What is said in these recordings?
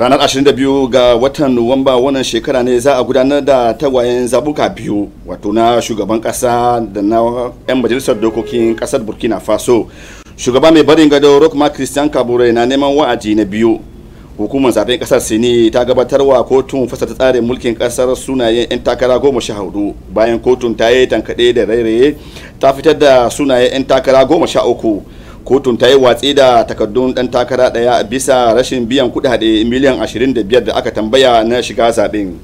ranar 22 ga watan nuwamba wannan shekara ne za a gudanar da tagwayen zabuka biyu wato na shugaban kasa da na 'yan majalisar dokokin kasar burkina faso shugaba mai barin gado ma christian kabure na neman wa'aji na biyu hukumar zaben kasar sini ta gabatar wa kotun fasa ta tsarin mulkin kasar sunayen 'yan takara goma sha hudu bayan kotun ta yi tankaɗe da rairaye ta fitar da sunayen 'yan takara goma sha uku kotun ta yi watsi da takardun dan takara daya bisa rashin biyan kudade miliyan 25 da aka tambaya na shiga zaben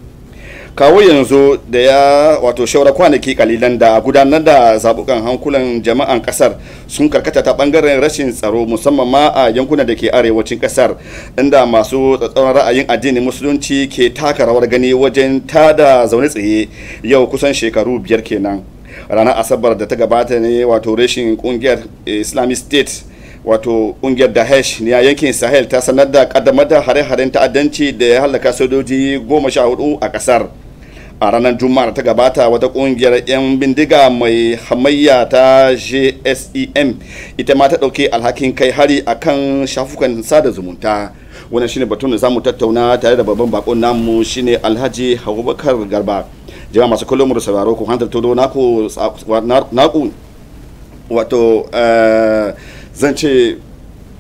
kawo yanzu da ya wato shaura kwanaki kalilan da gudanar da zabukan hankulan jama'an kasar sun karkata ta bangaren rashin tsaro musamman ma a yankunan da ke arewacin kasar inda masu tsatsauran ra'ayin addinin musulunci ke taka rawar gani wajen tada zaune tsaye yau kusan shekaru biyar kenan ranar asabar da ta gabata ne wato reshin kungiyar islamic state wato kungiyar daesh ne a yankin sahel ta sanar da kaddamar da hare-haren ta'addanci da ya halaka sojoji goma sha hudu a kasar a ranar juma'ar ta gabata wata kungiyar 'yan bindiga mai hamayya ta jsem ita ma ta ɗauki alhakin kai hari a kan shafukan sada zumunta wannan shine batun da zamu tattauna tare da babban bakon namu shine alhaji abubakar garba jama'a masu kullum da sauraro ku hantar tono naku naku wato eh, zan ce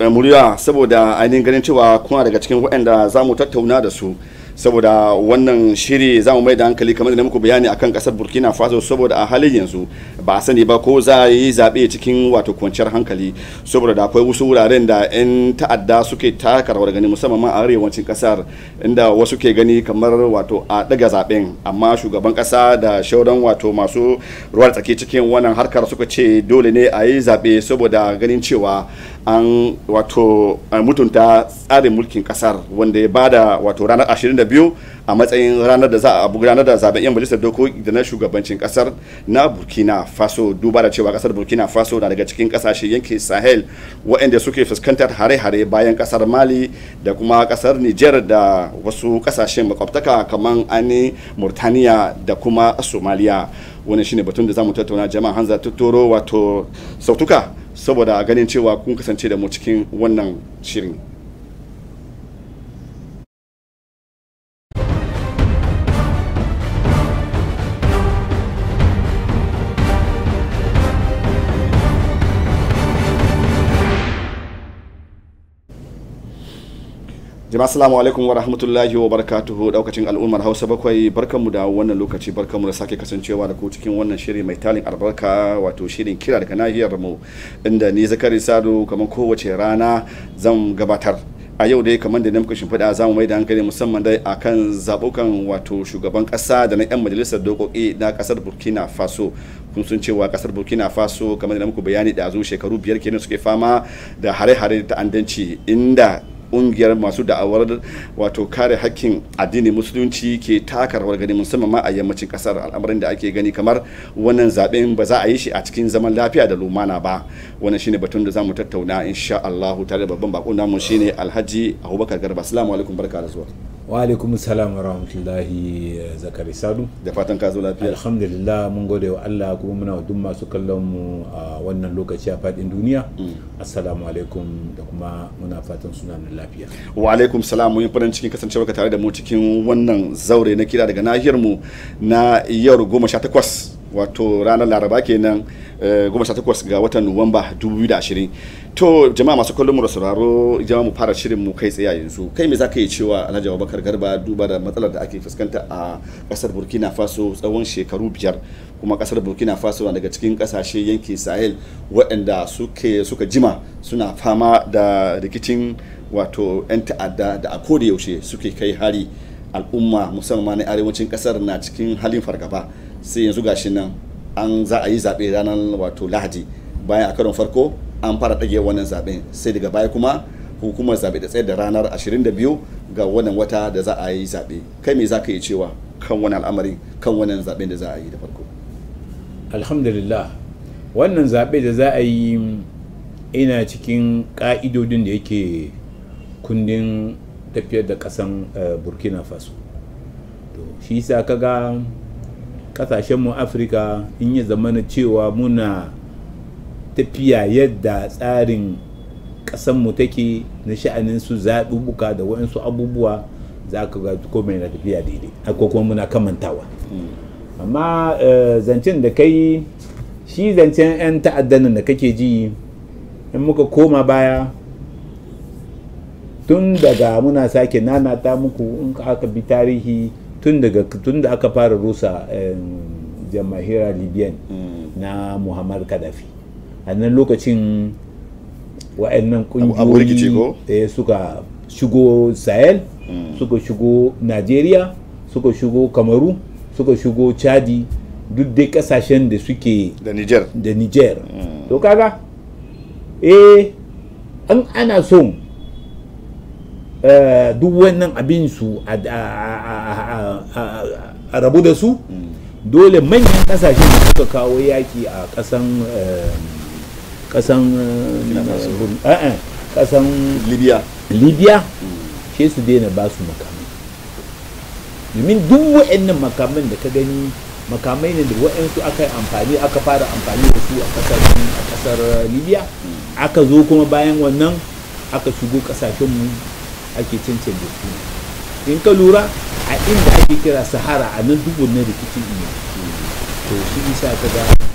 eh, muriya saboda ainihin ganin cewa kuna daga cikin waɗanda za mu tattauna da su saboda wannan shiri za mu mai da hankali kamar da muku bayani akan kasar burkina faso saboda a halin yanzu ba a sani ba ko za a yi zaɓe cikin wato kwanciyar hankali saboda da akwai wasu wuraren da 'yan ta'adda suke taka rawar gani musamman a arewacin kasar inda wasu ke gani kamar wato a daga zaɓen amma shugaban kasa da shauran wato masu ruwa tsaki cikin wannan harkar suka ce dole ne a yi zaɓe saboda ganin cewa an wato mutunta tsarin mulkin kasar wanda ya bada wato ranar 22 a matsayin ranar da za a gudanar da zaben yan majalisar dokoki da na shugabancin kasar na burkina faso duba da cewa kasar burkina faso na daga cikin kasashe yanke sahel waɗanda suke fuskantar hare-hare bayan kasar mali da kuma kasar niger da wasu kasashen makwabtaka kamar ani murtaniya da kuma somaliya wannan shine batun da za mu tattauna jama'a hanza tuttoro wato sautuka saboda ganin cewa kun kasance da mu cikin wannan shirin jama'a salamu alaikum wa rahmatullahi wa barakatuhu daukacin al'ummar hausa bakwai barkanmu da wannan lokaci barkanmu da sake kasancewa da ku cikin wannan shiri mai talin albarka wato shirin kira daga nahiyar mu inda ni zakari sado kamar kowace rana zan gabatar a yau dai kamar da muka shimfiɗa za zamu mai da hankali musamman dai kan zabukan wato shugaban kasa da na 'yan majalisar dokoki na kasar burkina faso kun sun cewa kasar burkina faso kamar da muku bayani da zuwa shekaru biyar kenan suke fama da hare-hare ta'addanci inda ƙungiyar masu da'awar wato kare hakkin addini musulunci ke taka rawar gani musamman ma a yammacin kasar al'amarin da ake gani kamar wannan zaɓen ba za a yi shi a cikin zaman lafiya da lumana ba wannan shine batun da zamu tattauna insha Allah tare da babban bakon namu shine Alhaji Abubakar Garba assalamu alaikum barka da zuwa wa alaikum salam wa rahmatullahi eh, zakari sadu da fatan ka zo lafiya alhamdulillah mun gode wa Allah kuma muna wa duk masu kallon mu a wannan lokaci a fadin duniya mm. assalamu alaikum da kuma muna fatan suna nan lafiya wa alaikum salam mun farin cikin kasancewa ka tare da mu cikin wannan zaure na kira daga nahiyar mu na yau goma sha takwas wato ranar laraba kenan eh, goma sha takwas ga watan nuwamba 2020 to jama'a masu kallon mu da sauraro jama'a mu fara shirin mu kai tsaye yanzu kai me zaka yi cewa Alhaji Abubakar Garba duba da matsalar da ake fuskanta a kasar Burkina Faso tsawon shekaru biyar kuma kasar Burkina Faso na daga cikin kasashe yanki Sahel waɗanda suke suka jima suna fama da rikicin wato 'yan ta'adda da a koda yaushe suke kai hari al'umma musamman na arewacin kasar na cikin halin fargaba sai yanzu gashi nan an za a yi zaɓe ranar wato lahadi bayan a karon farko an fara ɗage wannan zaɓen sai daga baya kuma hukumar zaɓe da tsayar da ranar 22 ga wannan wata da za a yi zaɓe kai me za ka yi cewa kan wani al'amari kan wannan zaɓen da za a yi da farko alhamdulillah wannan zaɓe da za a yi ina cikin ƙa'idodin da yake kundin tafiyar da ƙasan eh, burkina faso to shi sa kaga ƙasashenmu afirka in yi zamana cewa muna tafiya yadda tsarin ƙasanmu take na sha'anin su zaɓuɓɓuka da waɗansu abubuwa za ka ga ko mai na tafiya daidai ko kuma muna kamantawa hmm. amma eh, zancen da kai shi zancen 'yan ta'addan da kake ji in muka koma baya tun daga muna sake nanata muku in aka bi tarihi tun daga tun da aka fara rusa eh, jamahira libyan hmm. na muhammad kadafi hannun nan lokacin wa'annan kungiyoyi eh, suka shigo sahel mm. suka shigo nigeria suka shigo kamaru suka shigo chadi duk dai kasashen da suke da niger da mm. to kaga eh an ana so eh, duk wannan abin su a rabu da su mm. dole manyan kasashen da suka kawo yaki a kasan eh, kasan eh, eh, eh, kasan libya libya ce hmm. su daina ba su makamai domin duk wa'annan makamai da ka gani makamai ne da wa'ansu aka yi amfani aka fara amfani da su a kasar a kasar libya hmm. aka zo kuma bayan wannan aka shigo kasashen mu ake cancan da su in ka lura a inda ake kira sahara a nan dubu na rikicin ne hmm. to shi isa ka ga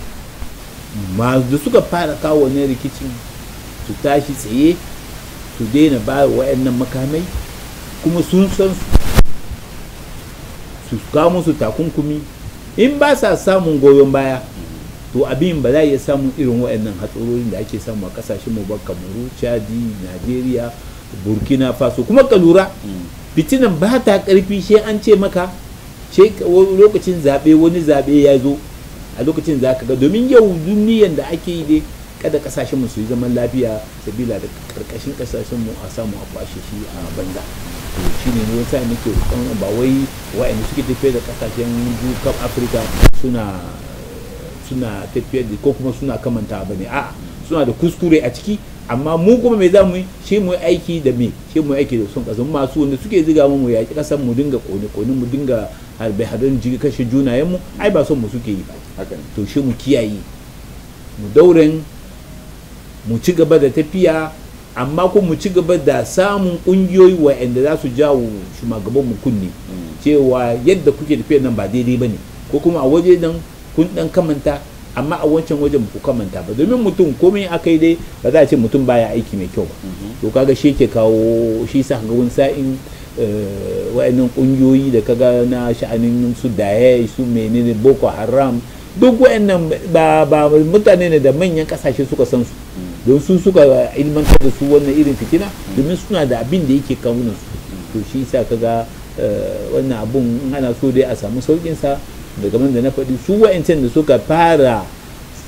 masu suka fara kawo wannan rikicin su tashi tsaye su daina ba wa'annan makamai kuma sun san su kawo musu takunkumi in ba sa samun goyon baya to abin ba za iya samun irin wa'annan hatsarorin da ake samu a kasashen mu ba kamaru chadi nigeria burkina faso kuma ka lura fitinan ba ta karfi sai an ce maka lokacin zaɓe wani zaɓe ya zo a lokacin za ka ga domin yau duniyan da ake yi dai kada kasashen mu su yi zaman lafiya sabila da karkashin kasashen mu a samu a kwashe shi a banza shi ne ne wasa nake roƙon ba wai wa'anda suke tafiya da kasashen dukan afirka suna suna tafiyar da ko kuma suna kamanta ba ne a'a suna da kuskure a ciki amma mu kuma me za mu yi shi mu aiki da me shi mu aiki da son kasan masu wanda suke ziga mu yaƙi kasan mu dinga kone kone mu dinga harbe harbin kashe junayen mu ai ba son mu suke yi ba to shi mu kiyaye mu daurin mu ci gaba da tafiya amma ko mu ci gaba da samun kungiyoyi inda za su jawo shugaban mu kunne mm. cewa yadda kuke tafiya nan ba daidai ba ne ko kuma a waje nan kun dan kamanta amma a wancan wajen ku kamanta ba domin mutum komai akai dai ba za a ce mutum baya aiki mai kyau ba mm-hmm. to kaga shi ke kawo shi sa ga wani sa'in eh, wa'annan kungiyoyi da kaga na sha'anin su daesh su menene boko haram duk wa'annan ba mutane ne da manyan kasashe suka san su don su suka ilmantar da su wannan irin fitina domin suna da abin da yake kawunan su to shi sa kaga eh, wannan abun hana so dai a samu saukin sa daga da na faɗi su wa'ancan da suka fara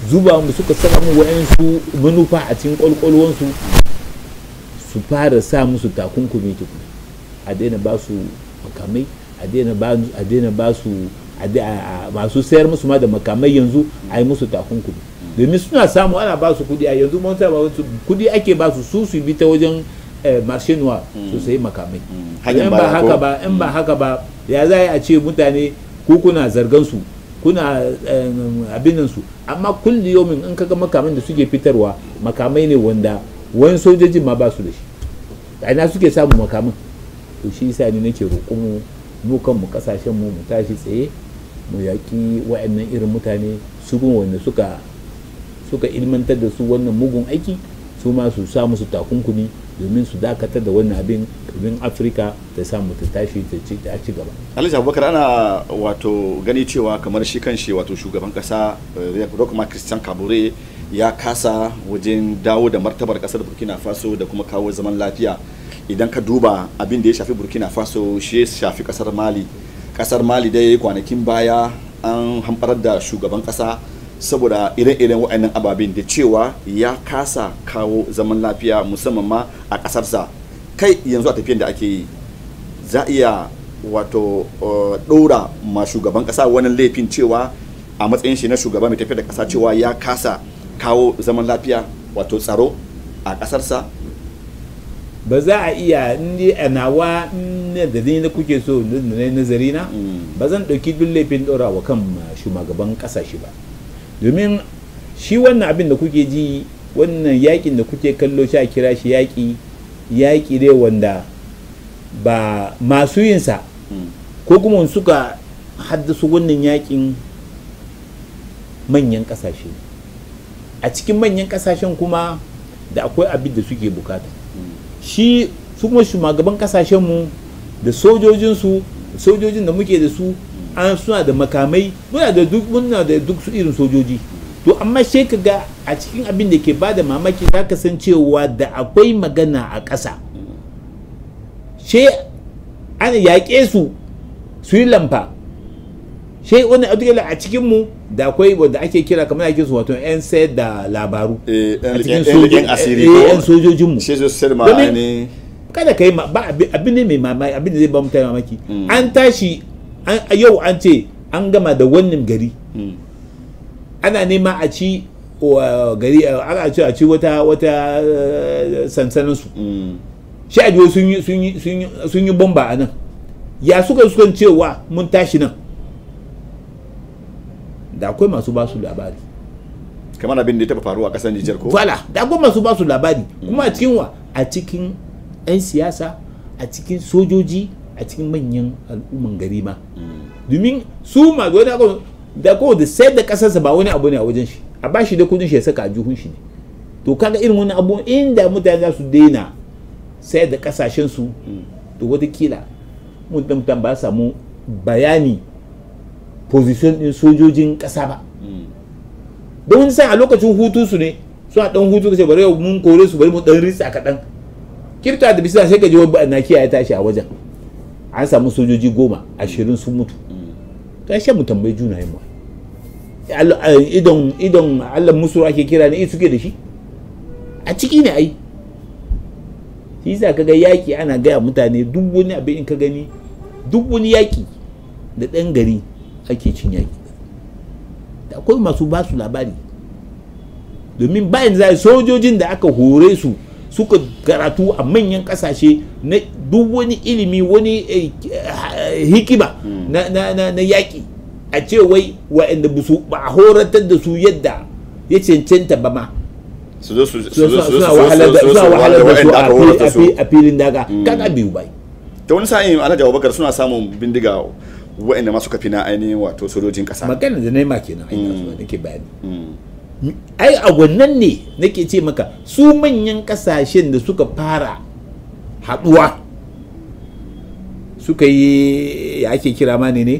zuba mu suka saka mu wa'ansu manufa a cikin kwalkwalwansu su fara sa musu takunkumi tukuna a daina ba su makamai a daina ba su masu sayar musu ma da makamai yanzu a yi musu takunkumi domin suna samu ana ba su kudi a yanzu mun saba kudi ake ba su su su bi ta wajen eh, marshe noir su sayi makamai hmm. in ba haka ba in ba hmm. haka ba ya za a ce mutane ku kuna zargan kuna eh, abin su amma kulli yomin in kaga makamai da suke fitarwa makamai ne wanda wani sojoji ma ba su da shi a ina suke samu makamai. to shi yasa ne nake roƙo mu mu kasashen mu mu tashi tsaye mu yaƙi wa'annan irin mutane su kuma wanda suka suka ilmantar da su wannan mugun aiki su ma su sa musu takunkumi domin su dakatar da wannan abin abin afirka ta samu ta tashi ta ci ta ci gaba alhaji abubakar ana wato gani cewa kamar shi kan shi wato shugaban kasa eh, rokuma christian kabore ya kasa wajen dawo da martabar kasar burkina faso da kuma kawo zaman lafiya idan ka duba abin da ya shafi burkina faso shi ya shafi kasar mali kasar mali dai kwanakin baya an hamɓarar da shugaban kasa saboda irin iren wa'annan ababen da cewa ya kasa kawo zaman lafiya musamman ma a kasarsa kai yanzu a tafiyan da ake yi za a iya wato uh, ɗora ma shugaban kasa wani laifin cewa a matsayin shi na shugaba mai tafiya da kasa cewa ya kasa kawo zaman lafiya wato tsaro a kasarsa ba za a iya ni a nawa da ni na kuke so na nazari na mm. ba zan dauki duk laifin wa kan shugaban kasashe ba domin shi wannan abin da kuke ji wannan yakin da kuke kallo sha kira shi yaki yaƙi dai wanda ba masu yinsa mm. ko kuma suka haddasa wannan yakin manyan kasashe a cikin manyan kasashen kuma da akwai abin da suke bukata shi su kuma shugaban kasashenmu da sojojinsu sojojin da muke da su an suna da makamai muna da duk muna da duk su irin sojoji to amma sai ka ga a cikin abin da ke ba da mamaki za ka san cewa da akwai magana a ƙasa she an yaƙe su su yi lamfa she wani a cikin mu da akwai wanda ake kira kamar ake su wato yan sayar da labaru eh, a cikin sojojin eh, sojojin mu shi su kada kai ba abin ne mai mamaki abin ne zai ba mutane mamaki mm. an tashi yau an ce an gama da wannan gari mm. ana nema a ci gari ana ci a ci wata wata eh, sansanin su mm. shi a sun yi bomba a nan ya suka suka cewa mun tashi nan da akwai masu ba su labari kamar abin da ya taba faruwa a kasar Nijar ko wala da akwai masu ba su labari kuma a cikin wa a cikin yan siyasa a cikin sojoji a cikin manyan al'umman gari ma mm. domin su ma wani n'a da ko da sayar da kasarsa ba wani abu ne a wajen shi a ba shi da kudin shi ya saka a juhun shi ne to kaga irin wani abu inda mutane za su daina sayar da kasashen mm. su to wata kila mutum ba samu bayani position in sojojin kasa ba don wani a lokacin hutu su ne suna dan hutu kace mun kore su bari mu dan ka kaɗan kirta da bisa sai ka je wani na kiyaye tashi a wajen an samu sojoji goma ashirin sun mutu to ya mu tambayi juna yin eh, idon idon allah musu ake kira ne suke da shi a ciki ne ai shi ka ga yaki ana gaya mutane duk wani abin ka gani duk wani yaki da ɗan gari ake cin yaƙi da akwai masu ba su labari domin bayan zai sojojin da aka hore su suka karatu a manyan kasashe na duk wani ilimi wani eh, eh, hikima hmm. na yaƙi a ce wai wa'anda ba a horatar da su yadda ya cancanta ba ma suna wahalar da su a filin daga hmm. kaga biyu bai ta wani sa'in ana jawo bakar suna samun bindiga wa'anda ma suka fi na ainihin wato sojojin kasa magana da nema kenan ainihin mm. nake bayani mm. ai a wannan ne nake ce maka su manyan kasashen da suka fara haduwa suka yi ya ake kira mani ne ne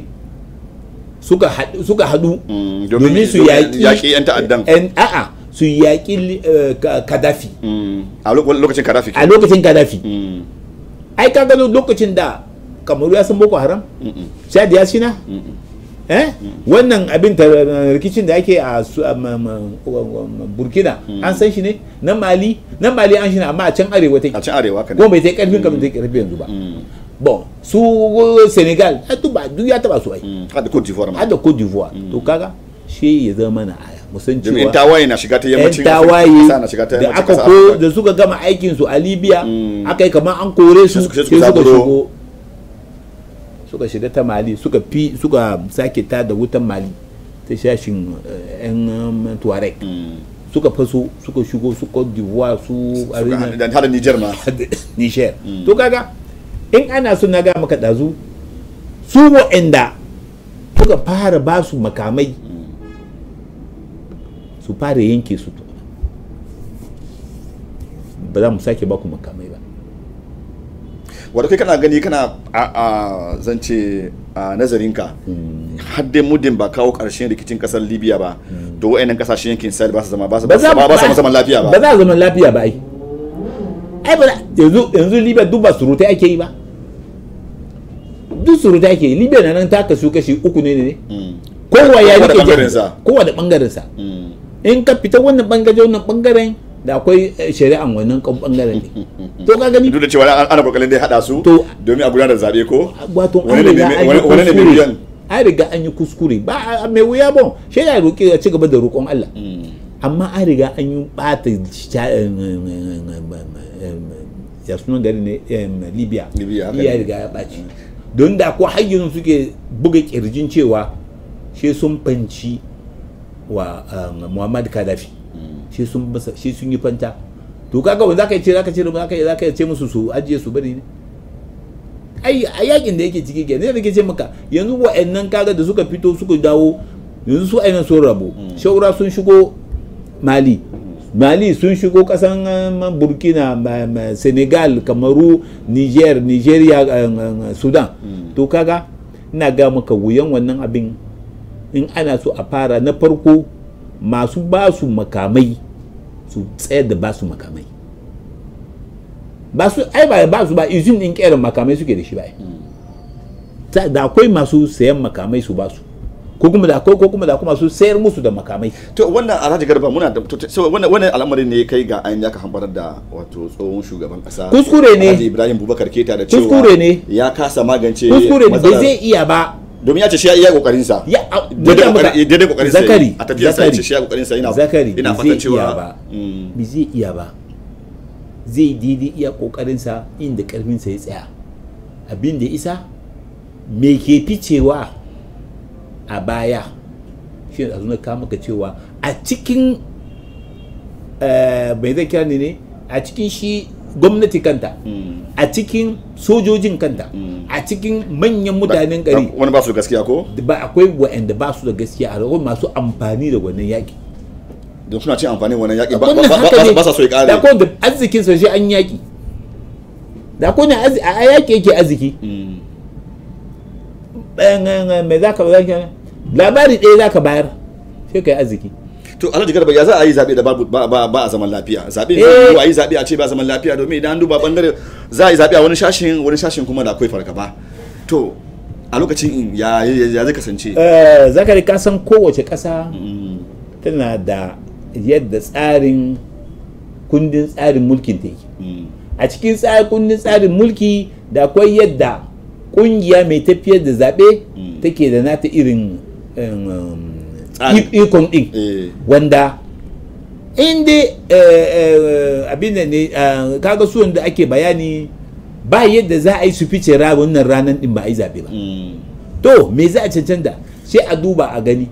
suka hadu suka hadu mm, domin su yaƙi yan ta'addan a'a su yaƙi eh, kadafi a lokacin kadafi a lokacin kadafi ai kaga lokacin da kamaru ya san boko haram da ya eh wannan abin rikicin da ake a burkina mm. an san shi ne na mali na mali an shi ne amma a can arewa take a can arewa kan kuma bai ta karfin kamar ta mm. karfi yanzu ba mm. bon su senegal duk ya taba su ai hada cote d'ivoire ma hada cote d'ivoire to kaga shi ya zama na aya musan cewa yan tawaye na shiga ta yammacin tawaye da aka ko da suka gama aikin su a libya aka yi kamar an kore su sai suka shigo suka shiga ta mali suka fi suka sake ta da wutan mali ta shashin eh, yan um, tuareg mm. suka faso suka shigo su cote d'ivoire su da har niger ma niger mm. to kaga in ana so na ga maka dazu su wa'anda suka fara ba su makamai mm. su fara yanke su ba za mu sake ba ku makamai wadda kai kana gani kana a zance a nazarinka hmm. har dai muddin ba kawo ƙarshen rikicin ƙasar libya ba hmm. to wa'annan ƙasashen yankin sahel ba su zama ba su zaman lafiya ba ba za a zaman lafiya ba ai ai ba yanzu yanzu libya duk ba surutai ake yi ba duk surutai ake yi libya na nan ta kasu kashi uku ne ne hmm. kowa ya rike kowa da bangaren sa in ka fita wannan bangare wannan bangaren da akwai eh, shari'an wannan kan bangaren ne to ka gani duk da cewa ana kokarin dai hada su domin a gudanar zabe ko wato wani ne biyan ai riga an yi kuskure ba me wuya bon shi ya roki a ci gaba da roƙon Allah mm. amma an riga an yi bata eh, eh, ya suna gari ne Libya ya riga ya baci don da ko hayyun suke buga kirjin cewa shi sun fanci wa Muhammad kadafi shi sun masa shi sun yi fanta to kaga wanda zaka ce zaka ce zaka zaka ce musu su ajiye su bari ne ai a yakin da yake ciki ke ne nake ce maka yanzu wa'annan kaga da suka fito suka dawo yanzu su ainihin sun rabu mm. shaura sun shigo mali mm. mali sun shigo kasan um, burkina senegal kamaru niger nigeria um, um, sudan mm. to kaga ina ga maka wuyan wannan abin in ana so a fara na farko masu ba su makamai su tsayar da basu makamai ba su ai ba ba su ba izin din kerin makamai suke da shi ba da akwai masu sayan makamai su ba su ko kuma da akwai ko kuma da kuma su sayar musu da makamai to wannan alhaji garba muna da to wannan wannan al'amarin ne kai ga ayin ka hambarar da wato tsohon shugaban kasa kuskure ne alhaji ibrahim bubakar keta da cewa kuskure ne ya kasa magance kuskure ne bai zai iya ba domin ya ce shi ya iya kokarin sa ya daidai kokarin sa zakari a tafiya sa ya ce shi ya kokarin sa ina zakari ina fatan cewa ba mm. bi zai iya ba zai daidai iya kokarin sa inda karfin sa ya tsaya abin da isa me ke ficewa a baya shi ne a kama ka maka cewa a cikin eh, mai zai kira ne a cikin shi gwamnati kanta hmm. a cikin sojojin kanta hmm. a cikin manyan mutanen gari wani ba su da gaskiya ko ba akwai wa'anda ba su da gaskiya a rahon masu amfani da wannan yaƙi don suna cin amfani wannan yaƙi ba sa so ya ƙare da ko da arzikin sa shi an yaƙi da ko ne a yaƙi yake arziki hmm. me za ka labari ɗaya za ka bayar sai ka yi arziki to alhaji garba ya za a yi zabe da ba a zaman lafiya zabe ne eh. a yi zabe a ce ba zaman lafiya domin idan an duba bangare za a yi zabe a wani shashin wani shashin kuma da akwai fargaba to a lokacin ya ya zai kasance eh, zakari ka san kowace kasa mm. tana da yadda tsarin kundin tsarin mulkin ta yake mm. a cikin kundin tsarin mulki da akwai yadda kungiya mai tafiyar da zaɓe mm. take da nata irin ikon din eh. wanda in eh, eh, abin da ne kaga suwan da ake bayani ba yadda za a yi su fice wannan ranar din ba a yi zaɓe ba mm. to me za a cancanta sai a duba a gani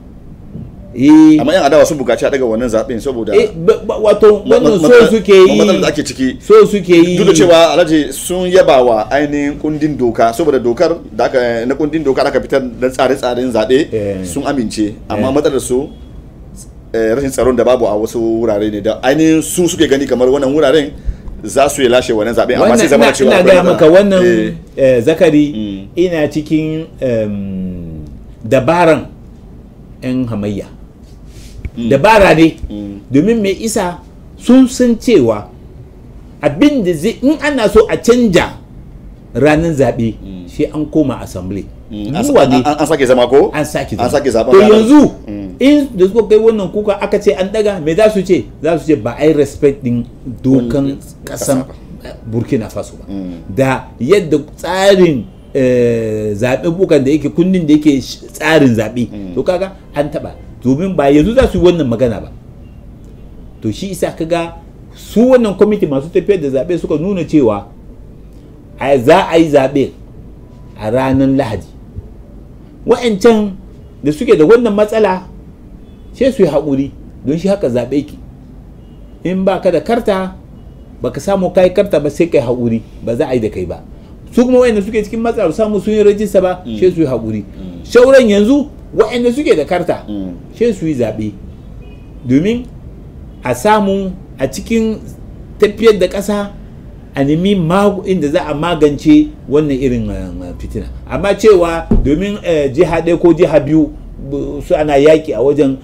Eh. amma yan adawa sun bukaci a daga wannan zaben saboda eh, wato wannan so suke yi da ake ciki so suke yi duk da cewa alhaji sun yaba wa ainihin kundin doka saboda dokar da aka na kundin doka aka fitar da tsare-tsaren zaɓe eh. sun amince amma matsalar su rashin tsaron da babu a wasu wurare ne da ainihin su suke gani kamar wannan wuraren za su yi lashe wannan zaɓe amma sai zama cewa ina gaya maka wannan zakari mm. ina cikin dabaran 'yan hamayya da mm. dabara ne mm. domin mai isa sun san cewa abin da zai in ana so a canja ranar zaɓe mm. shi an koma assembly an sake zama ko an sake zama to yanzu in da suka kai wannan kuka aka ce an daga mai za su ce za su ce ba yi respect din dokan kasan burkina faso ba da yadda tsarin eh, zaɓe bukan da yake kundin da yake tsarin zaɓe to kaga an taɓa domin ba yanzu za su yi wannan magana ba to shi isa ka ga su wannan kwamiti masu tafiyar da zaɓe suka nuna cewa za a yi zaɓe a ranar lahadi wa'ancan da suke da wannan matsala sai su yi haƙuri don shi haka zaɓe ki in ba ka da karta ba ka samu kai karta ba sai kai haƙuri ba za a yi da kai ba su kuma wayanda suke cikin matsala samu sun yi rajista ba mm. sai su yi haƙuri mm. shauran yanzu waɗanda suke da karta mm. shi su yi zaɓe domin a samu a cikin tafiyar da ƙasa a nemi inda za a magance wannan irin eh, eh, fitina amma cewa domin eh, jiha ɗaya ko jiha biyu su ana yaƙi a wajen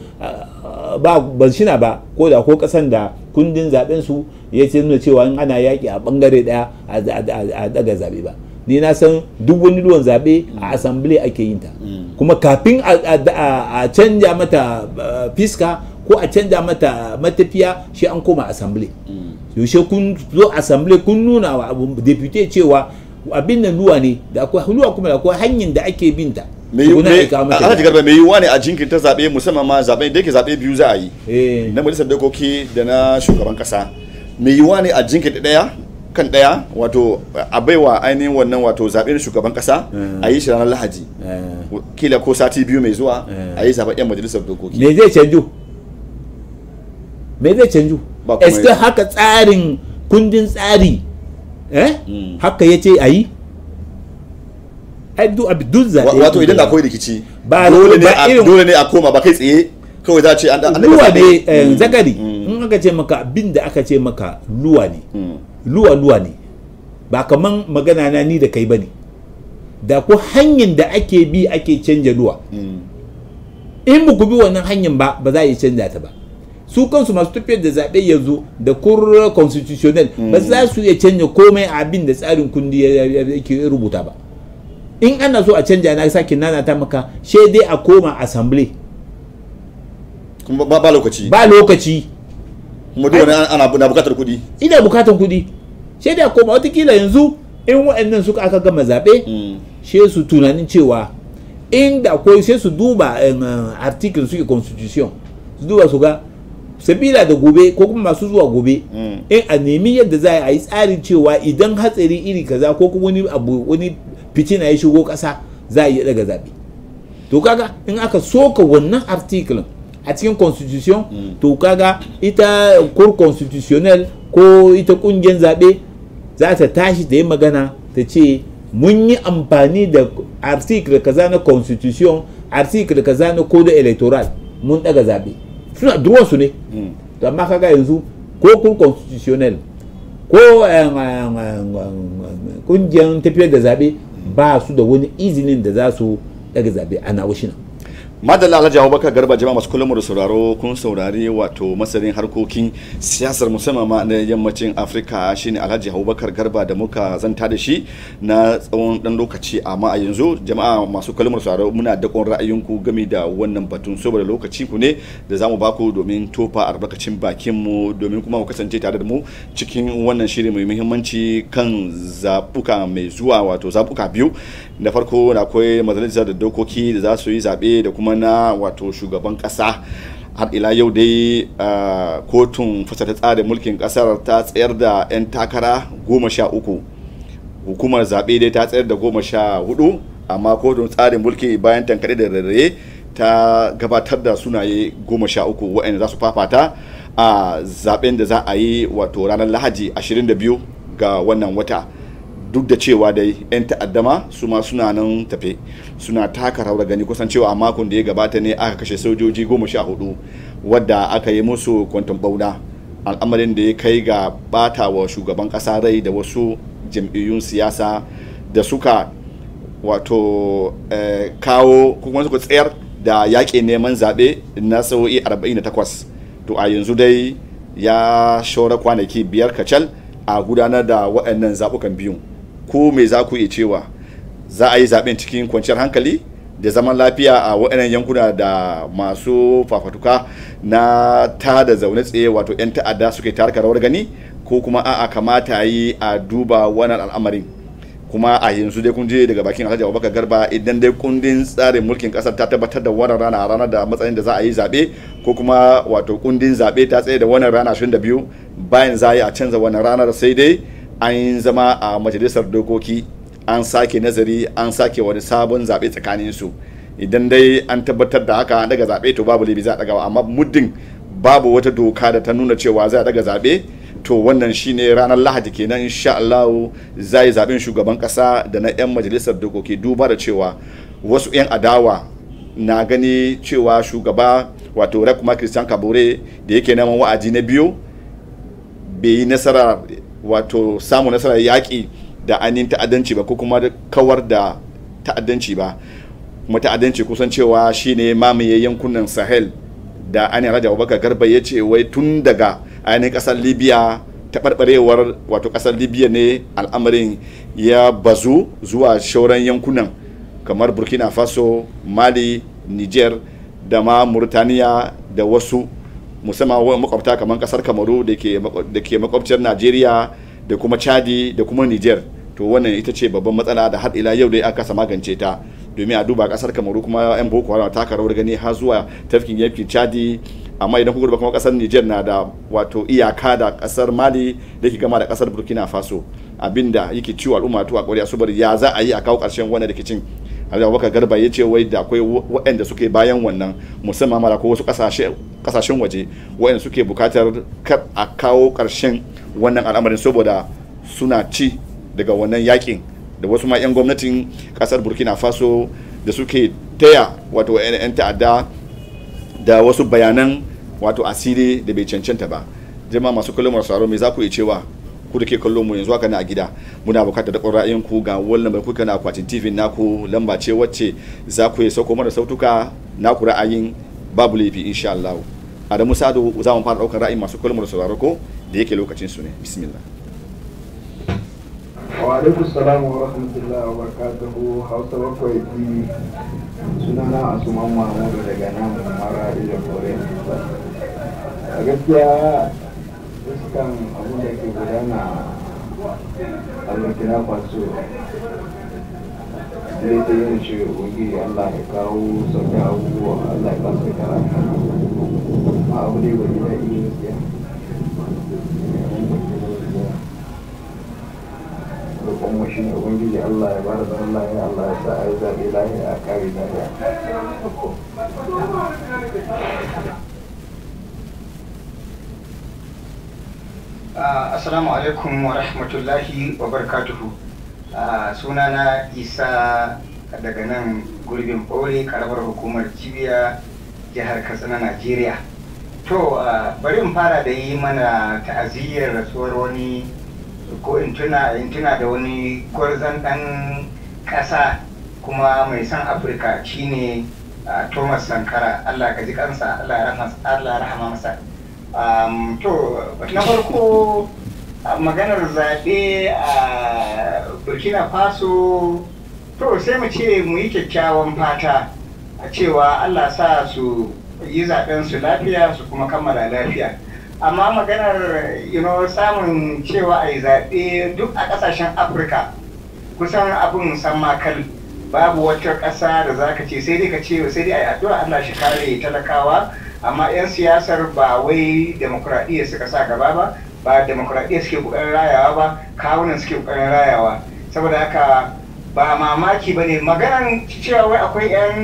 ba shina ba ko da ko ƙasan da kundin zaɓen su ya ce nuna cewa ana yaƙi a ɓangare ɗaya a daga zaɓe ba ni na san duk wani ruwan zaɓe a assembly ake yin ta mm. kuma kafin a canja mata fiska ko a canja mata matafiya shi an koma assembly mm. yaushe kun zo assembly kun nuna wa deputy cewa abin nan ruwa ne da akwai ruwa kuma da akwai hanyar da ake binta alhaji garba mai yiwuwa ne a jinkirta zaɓe musamman ma zaɓe da yake zaɓe biyu za a yi eh. na majalisar dokoki da na shugaban ƙasa mai yiwuwa ne a jinkirta ɗaya kan daya wato a baiwa ainihin wannan wato zaɓen shugaban kasa eh. a yi shi ranar lahaji eh. kila ko sati biyu mai zuwa eh. a yi zaɓen yan majalisar dokoki me zai canju me zai canju este haka tsarin kundin tsari eh hmm. haka ya ce a yi duk zaɓe wato idan akwai rikici dole ne a koma ba kai tsaye kawai za a ce an da luwa ne hmm. zakari hmm. in aka ce maka abin da aka ce maka luwa ne luwa-luwa ne ba kaman magana na ni da kai ba ne da ku hanyar da ake bi ake canja luwa in ba ku bi wannan hanyar ba ba za a yi canja ta ba su kansu masu tafiyar da zaɓe yanzu da kurra constitutional ba mm. za su iya canja komai abin da tsarin kundi ya rubuta ba in ana so a canja na sake nana ta maka sai dai a koma assembly ba lokaci ba lokaci mutum wani ana bukatar kuɗi ina bukatar kuɗi sai da koma watakila yanzu in waɗannan suka aka gama zaɓe hmm. sai su tunanin cewa inda ko sai su duba eh, article su constitution su duba su ga sabila da gobe ko kuma masu zuwa gobe hmm. in a nemi yadda za a yi tsarin cewa idan hatsari iri kaza ko kuma wani abu wani fitina ya shigo kasa za a iya daga zaɓe to kaga in aka soka wannan article a cikin constitution mm. to kaga ita kur constitutionnel ko ita kungiyar zabe za ta tashi ta yi magana ta ce mun yi amfani da article kaza na constitution article kaza na code electoral mun daga zabe suna duwan su ne mm. to amma kaga yanzu ko cour constitutionnel ko kungiyar tafiyar da zaɓe ba su da wani izinin da za su daga zaɓe a na madalla alhaji abubakar garba jama'a masu kullum da sauraro kun saurari wato masarin harkokin siyasar musamman ma na yammacin afirka shine alhaji abubakar garba da muka zanta da shi na tsawon dan lokaci amma a yanzu jama'a masu kullum da sauraro muna dakon ra'ayinku game da wannan batun saboda lokaci ku ne da zamu baku domin tofa albarkacin bakin mu domin kuma ku kasance tare da mu cikin wannan shiri mai muhimmanci kan zabuka mai zuwa wato zabuka biyu da farko na akwai majalisar da dokoki da za su yi zaɓe da kuma na wato shugaban ƙasa har ila yau dai kotun fasata tsarin mulkin ƙasar ta tsayar da 'yan takara goma sha uku hukumar zaɓe dai ta tsayar da goma sha hudu amma kotun tsarin mulki bayan tankaɗe da rarraye ta gabatar da sunaye goma sha uku waɗanda za su fafata a zaɓen da za a yi wato ranar lahaji 22 ga wannan wata duk da cewa dai 'yan ta'addama su ma suna nan tafe suna taka rawar gani kusan cewa a makon da ya gabata ne aka kashe sojoji goma sha hudu wadda aka yi musu kwanton bauna al'amarin da ya kai ga bata wa shugaban kasa rai da wasu jam'iyyun siyasa da suka wato eh, kawo kuma suka tsayar da yaƙi neman zaɓe na sa'o'i 48 to a yanzu dai ya shora kwanaki biyar kacal a gudanar da waɗannan zaɓukan biyun ko me za ku iya cewa za a yi zaɓen cikin kwanciyar hankali da zaman lafiya a waɗannan yankuna da masu fafatuka na ta da zaune tsaye wato 'yan ta'adda suke tarka rawar gani ko kuma a'a kamata yi a duba wannan al'amarin kuma a yanzu dai kun je daga bakin alhaji abubakar garba idan dai kundin tsarin mulkin kasar ta tabbatar da wannan rana a ranar da matsayin da za a yi zaɓe ko kuma wato kundin zaɓe ta tsaye da wannan rana 22 bayan za a yi a canza wannan ranar sai dai an yi zama a majalisar dokoki an sake nazari an sake wani sabon zaɓe tsakanin su idan dai an tabbatar da haka daga zaɓe to babu laifi za a ɗagawa amma muddin babu wata doka da ta nuna cewa za a daga zaɓe to wannan shine ranar lahadi kenan insha Allah za yi zaɓen shugaban ƙasa da na 'yan majalisar dokoki duba da cewa wasu 'yan adawa na gani cewa shugaba wato kuma christian kabore da yake neman wa'adi na biyu bai yi nasara wato samu nasarar yaƙi da ainihin ta'addanci ba ko kuma kawar da ta'addanci ba kuma ta'addanci kusan cewa shine mamaye yankunan sahel da ainihin raja abubakar garba ya ce wai tun daga ainihin ƙasar libya taɓarɓarewar wato ƙasar libya ne al'amarin ya bazu zuwa shauran yankunan kamar burkina faso mali niger da ma murtaniya da wasu musamman wani makwabta kamar kasar kamaru da ke makwabciyar najeriya da kuma chadi da kuma niger to wannan ita ce babban matsala da har ila yau dai aka kasa magance ta domin a duba kasar kamaru kuma yan boko haram ta rawar gani har zuwa tafkin yankin chadi amma idan kuka duba kuma kasar niger na da wato iyaka da kasar mali da ke gama da kasar burkina faso abinda yake ciwo al'umma to a kwarya su ya za a yi a kawo karshen wannan rikicin ali Abubakar Garba ya ce wai da akwai waɗanda suke bayan wannan musamman mara ko wasu kasashen waje waɗanda suke bukatar kar a kawo ƙarshen wannan al'amarin saboda suna ci daga wannan yakin da wasu ma 'yan gwamnatin ƙasar Burkina Faso da suke taya wato 'yan ta'adda da wasu bayanan wato asiri da bai cancanta ba jama'a masu kullum tsaro mai za ku iya cewa ku da ke kallo mu yanzu haka na a gida muna bukatar da ra'ayin ku ga wannan bai kuka na akwatin TV naku lamba ce wacce za ku yi sauko mana sautuka naku ra'ayin babu laifi insha Allah Musa Sado za mu fara daukar ra'ayin masu kalmar sauraro ko da yake lokacin su ne bismillah wa alaikum salam wa rahmatullahi wa barakatuhu hausa bakwai suna na asuman mahmud daga nan mara da jamhuriyar a gaskiya kan abin da ke gudana a burkina faso sai ta yin shi ubangiji allah ya kawo sauƙi abubuwa allah ya kasu kara a abu ne bai da iya allah ya bada zaman lahiya allah ya sa a yi zaɓe lahiya a kare lahiya Assalamu alaikum wa rahmatullahi wa barakatuhu. na Isa daga nan gurbin ɓaure karamar hukumar cibiya jihar Katsina Najeriya. To bari in fara da yi mana ta'aziyyar rasuwar wani ko in tuna da wani gwarzon ɗan ƙasa kuma mai san Afirka shine Thomas Sankara Allah ka ji kansa Allah ya rahama masa. to na farko maganar zaɓe a burkina faso to sai mu ce mu yi kyakkyawan fata a cewa allah sa su yi zaɓen su lafiya su kuma kammala lafiya amma maganar you know, samun cewa a yi zaɓe duk a ƙasashen afirka kusan abin san makal babu wata ƙasa da za ka ce sai dai ka ce sai dai a yi addu'a allah shi kare talakawa amma 'yan siyasar ba wai demokradiyya suka sa gaba ba ba demokradiyya suke kokarin rayawa ba kawunan suke kokarin rayawa saboda haka ba mamaki ba ne maganan cewa wai akwai 'yan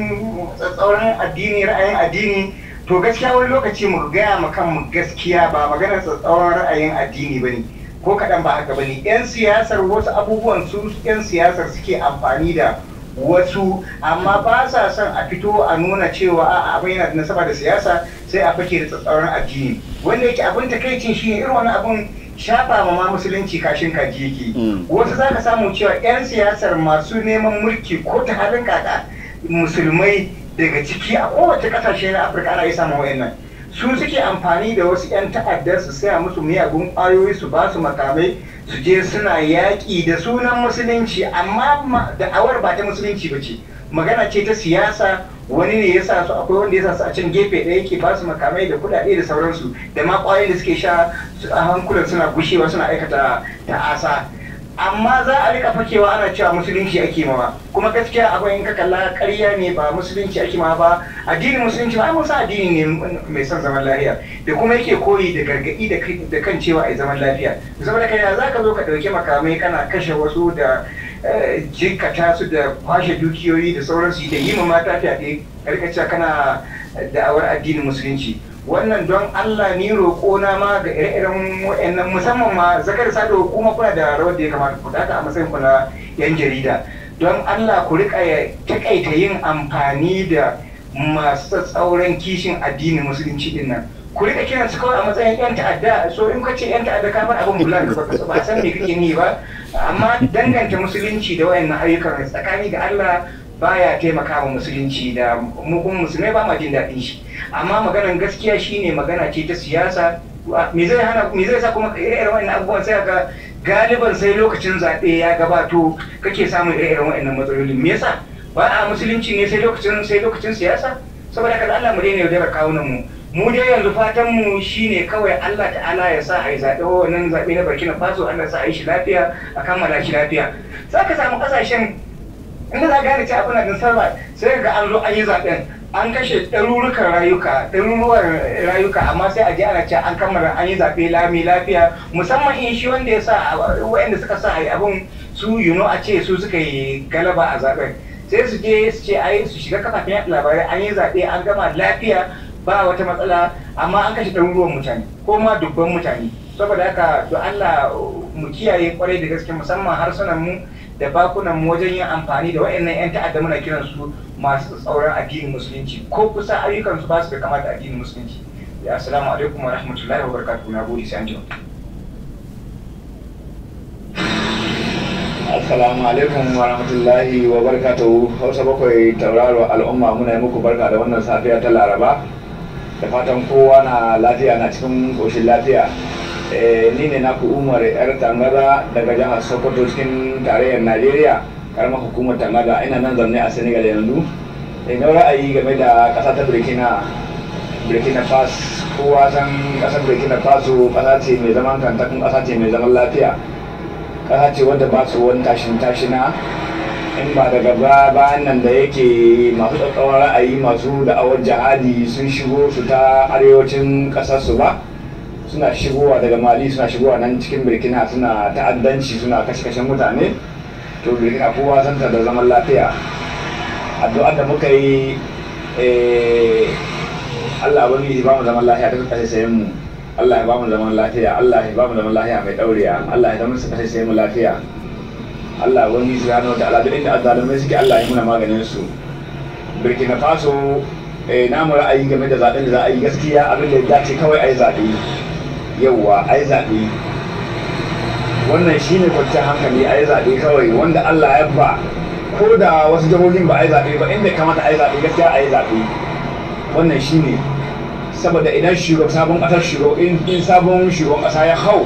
tsatsauran addini ra'ayin addini to gaskiya wani lokaci mu gaya ma mu gaskiya ba maganar tsatsauran ra'ayin addini ba ne ko kaɗan ba haka ba ne 'yan siyasar wasu abubuwan su 'yan siyasar suke amfani da wasu amma ba sa son a fito a nuna cewa a abin yana da nasaba da siyasa sai a fake da tsatsauran addini wanda yake abin takaicin shi irin wani abin shafa ma ma musulunci kashin kaji yake hmm. wasu za ka samu cewa 'yan siyasar masu neman mulki ko ta halin kaka musulmai daga ciki a kowace kasashe na afirka ana yi samun wayannan su suke amfani da wasu 'yan ta'addar su saya musu miyagun ƙwayoyi su ba su makamai su je suna yaƙi da sunan musulunci amma da awar ba ta musulunci ba ce magana ce ta siyasa wani ne ya sa su akwai wanda ya sa su a can gefe ɗaya ke ba su makamai da kuɗaɗe da sauransu da ma ƙwayoyin da suke sha hankulan suna gushewa suna aikata ta'asa amma za a rika fakewa ana cewa musulunci ake mawa kuma gaskiya akwai in ka kalla ƙarya ne ba musulunci ake mawa ba addinin musulunci ba mun addini ne mai son zaman lafiya da kuma yake koyi da gargaɗi da kan cewa ai zaman lafiya saboda kai za ka zo ka ɗauki makamai kana kashe wasu da eh, jikkata su da kwashe dukiyoyi da sauransu da yi ma mata fyaɗe ka rika cewa kana da'awar addinin musulunci wannan don Allah ni roƙo na ma ga ire-iren wa'annan musamman ma zakar sado kuma kuna da rawar da ya kamata ku a matsayin ku na yan jarida don Allah ku rika ya takaita yin amfani da masu tsauran kishin addinin musulunci din nan ku rika kiran su kawai a matsayin yan ta'adda so in ka ce yan ta'adda ka bar abin bulan ba san me kake ni ba amma danganta musulunci da wayannan ayyukan tsakani ga Allah baya taimaka wa musulunci da mu kuma musulmai ba ma jin daɗin shi amma maganar gaskiya shine magana ce ta siyasa me zai hana me zai sa kuma irin wannan abubuwan sai ga galiban sai lokacin zaɓe ya gabato kake samun irin wannan matsaloli me yasa ba a musulunci ne sai lokacin sai lokacin siyasa saboda kada Allah mu daina yaudarar kawunan mu mu dai yanzu fatan mu shine kawai Allah ta'ala ya sa a yi zaɓe wannan zaɓe na Burkina Faso Allah sa a yi shi lafiya a kammala shi lafiya zaka samu kasashen inda za gane cewa kuna din sarwa sai ga an zo an yi zaɓen an kashe ɗarurukan rayuka rayuka amma sai a je ana cewa an kammala an yi zaɓe lami lafiya musamman in shi wanda ya sa waɗanda suka sa abin su yuno a ce su suka yi galaba a zaɓen sai su je su ce ai su shiga kafafen yadda labarai an yi zaɓe an gama lafiya ba wata matsala amma an kashe ɗaruruwan mutane ko ma dubban mutane saboda haka to Allah mu kiyaye kwarai da gaske musamman harsunan mu da bakunan wajen yin amfani da waɗannan 'yan ta'adda muna kiran su masu tsauran addinin musulunci ko kusa ayyukan su ba su da kamata addinin musulunci assalamu alaikum wa rahmatullahi wa barakatuhu na gode sai an ji assalamu alaikum wa rahmatullahi wa barakatuhu hausa bakwai tauraro al'umma muna yi muku barka da wannan safiya ta laraba da fatan kowa na lafiya na cikin koshin lafiya Eh, ni ne naku umar yar tangada daga jihar sokoto cikin tarayyar najeriya karamar hukumar tangada ina nan zaune a senegal yanzu ina eh, ra'ayi game da kasa ta burkina burkina faso kowa san ƙasar burkina faso kasa ce mai zaman kanta kuma ce mai zaman lafiya kasa ce wadda ba su wani tashin tashina in ba daga bayan nan da yake masu tsakawar ra'ayi masu da'awar jihadi sun shigo su ta arewacin su ba suna shigowa daga mali suna shigowa nan cikin birkina suna ta'addanci suna kashe-kashe mutane to birkina kowa santa da zaman lafiya addu'ar da muka yi eh, Allah wani ba mu zaman lafiya ta kashe sayan mu Allah ya ba mu zaman lafiya Allah ya ba mu zaman lafiya mai daurewa Allah ya zama su kashe sayan mu lafiya Allah wani ya wa ta'ala duk inda azalumai suke Allah ya muna maganin su birkina faso eh, na mu ra'ayi game da zaɓen da za a yi gaskiya abin da ya dace kawai a yi zaɓe yauwa yi zaɓe wannan shi ne kwanciyar hankali yi zaɓe kawai wanda allah ya ba ko da wasu jihohin ba yi zaɓe ba inda kamata yi zaɓe gaskiya yi zaɓe wannan shi ne saboda idan shugaban sabon ƙasar shugaban in sabon shugaban ƙasa ya hau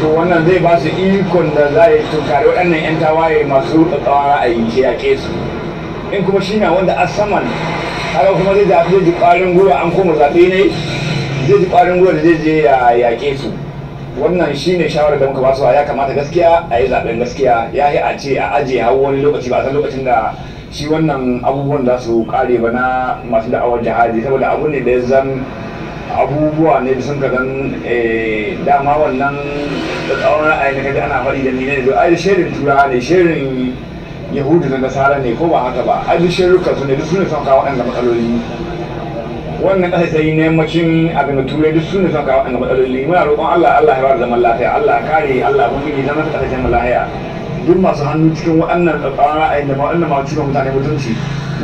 to wannan zai ba su ikon da za ya tunkari waɗannan 'yan tawaye masu tsawon ra'ayi shi yaƙe su in kuma shi ne wanda a saman kuma zai zafi zai ji ƙwarin gwiwa an koma zaɓe ne zai ji kwarin gwiwa da zai je ya yaƙe su wannan shine shawarar da muka basu su ya kamata gaskiya a yi zaben gaskiya ya yi a ce a ajiye hau wani lokaci ba a san lokacin da shi wannan abubuwan za su kare ba na masu da'awar jihadi saboda abu ne da ya zan abubuwa ne da sun ka gan eh, dama wannan tsawon ra'ayi na kaji ana faɗi da ni ne da ai shirin turawa ne shirin yahudu na nasara ne ko ba haka ba ai shirin su ne duk su ne son kawo waɗanda matsaloli wannan ƙasa sai yi na abin da turai duk suna son kawo annabi matsaloli muna roƙon Allah Allah ya ba zaman lafiya Allah kare Allah mun yi zaman ƙasa ta lafiya duk masu hannu cikin waɗannan tsatsaran ra'ayin da waɗannan masu cikin mutane mutunci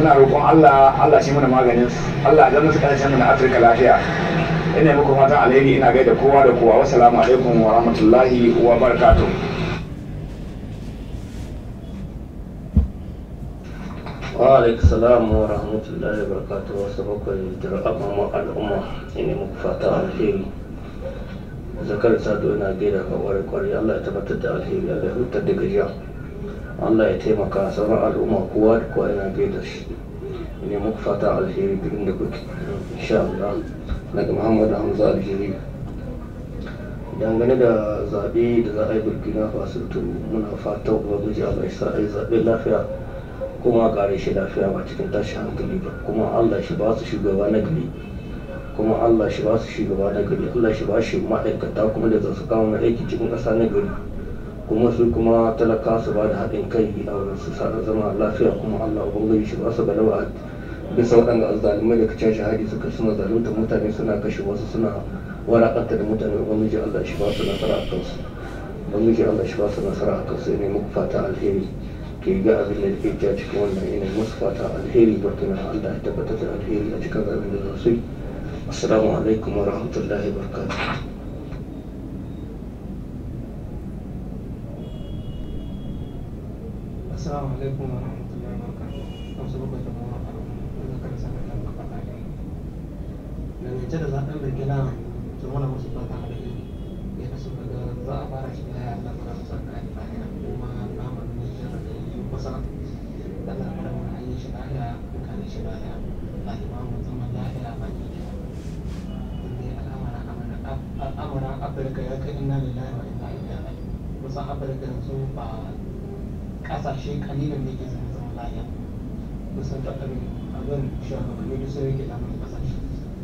muna roƙon Allah Allah shi mana maganin Allah ya zama su ƙasashen mu na Afirka lafiya ina muku fatan alheri ina gaida kowa da kowa wassalamu alaikum wa rahmatullahi wa barakatuh alaikum salam wa rahmatullahi wa barakatuh wasu bakwai jira'amma al'umma ne muku fata alheri zakar sado na gaida ka kwarai allah ya tabbatar da alheri allah ya hutar da gajiya allah ya taimaka sauran al'umma kowa da kowa yana gaida shi ne muku fata alheri duk da kuke muhammadu hamza dangane da zaɓe da za a yi burkina faso to muna fatan ubangiji allah ya sa a yi zaɓe lafiya kuma ƙara shi lafiya ba cikin tashi hankali ba kuma allah shi ba su shugaba na gari kuma allah shi ba su shugaba na gari allah shi ba shi ma'aikata kuma da za su kama aiki cikin ƙasa na gari kuma su kuma talaka su ba da haɗin kai a wurin su sa zama lafiya kuma allah ubangiji shi ba su galaba bisa waɗanda azzalumai da kacin shahadi suka suna zalunta mutane suna kashe wasu suna waraƙanta da mutane ubangiji allah shi ba su nasara a kansu ubangiji allah shi ba su nasara a kansu ne muku fata alheri ga abin da ke ja cikin wannan yanayi masu fata alheri barkana Allah ya tabbatar da alheri a cikin abin da za su yi assalamu alaikum wa rahmatullahi barkatu assalamu alaikum wa rahmatullahi barkatu kamsu bakwai da mawa a rukunin da zakar sanar da muka fata ne dangance da zaɓen birgila inna lillahi da inna ilaihi raji'un kusan afirka yanzu ba kasashe kalilan ne ke zama zaman lafiya kusan ta ɗari abin shugabanni da sun rike lamunin kasashe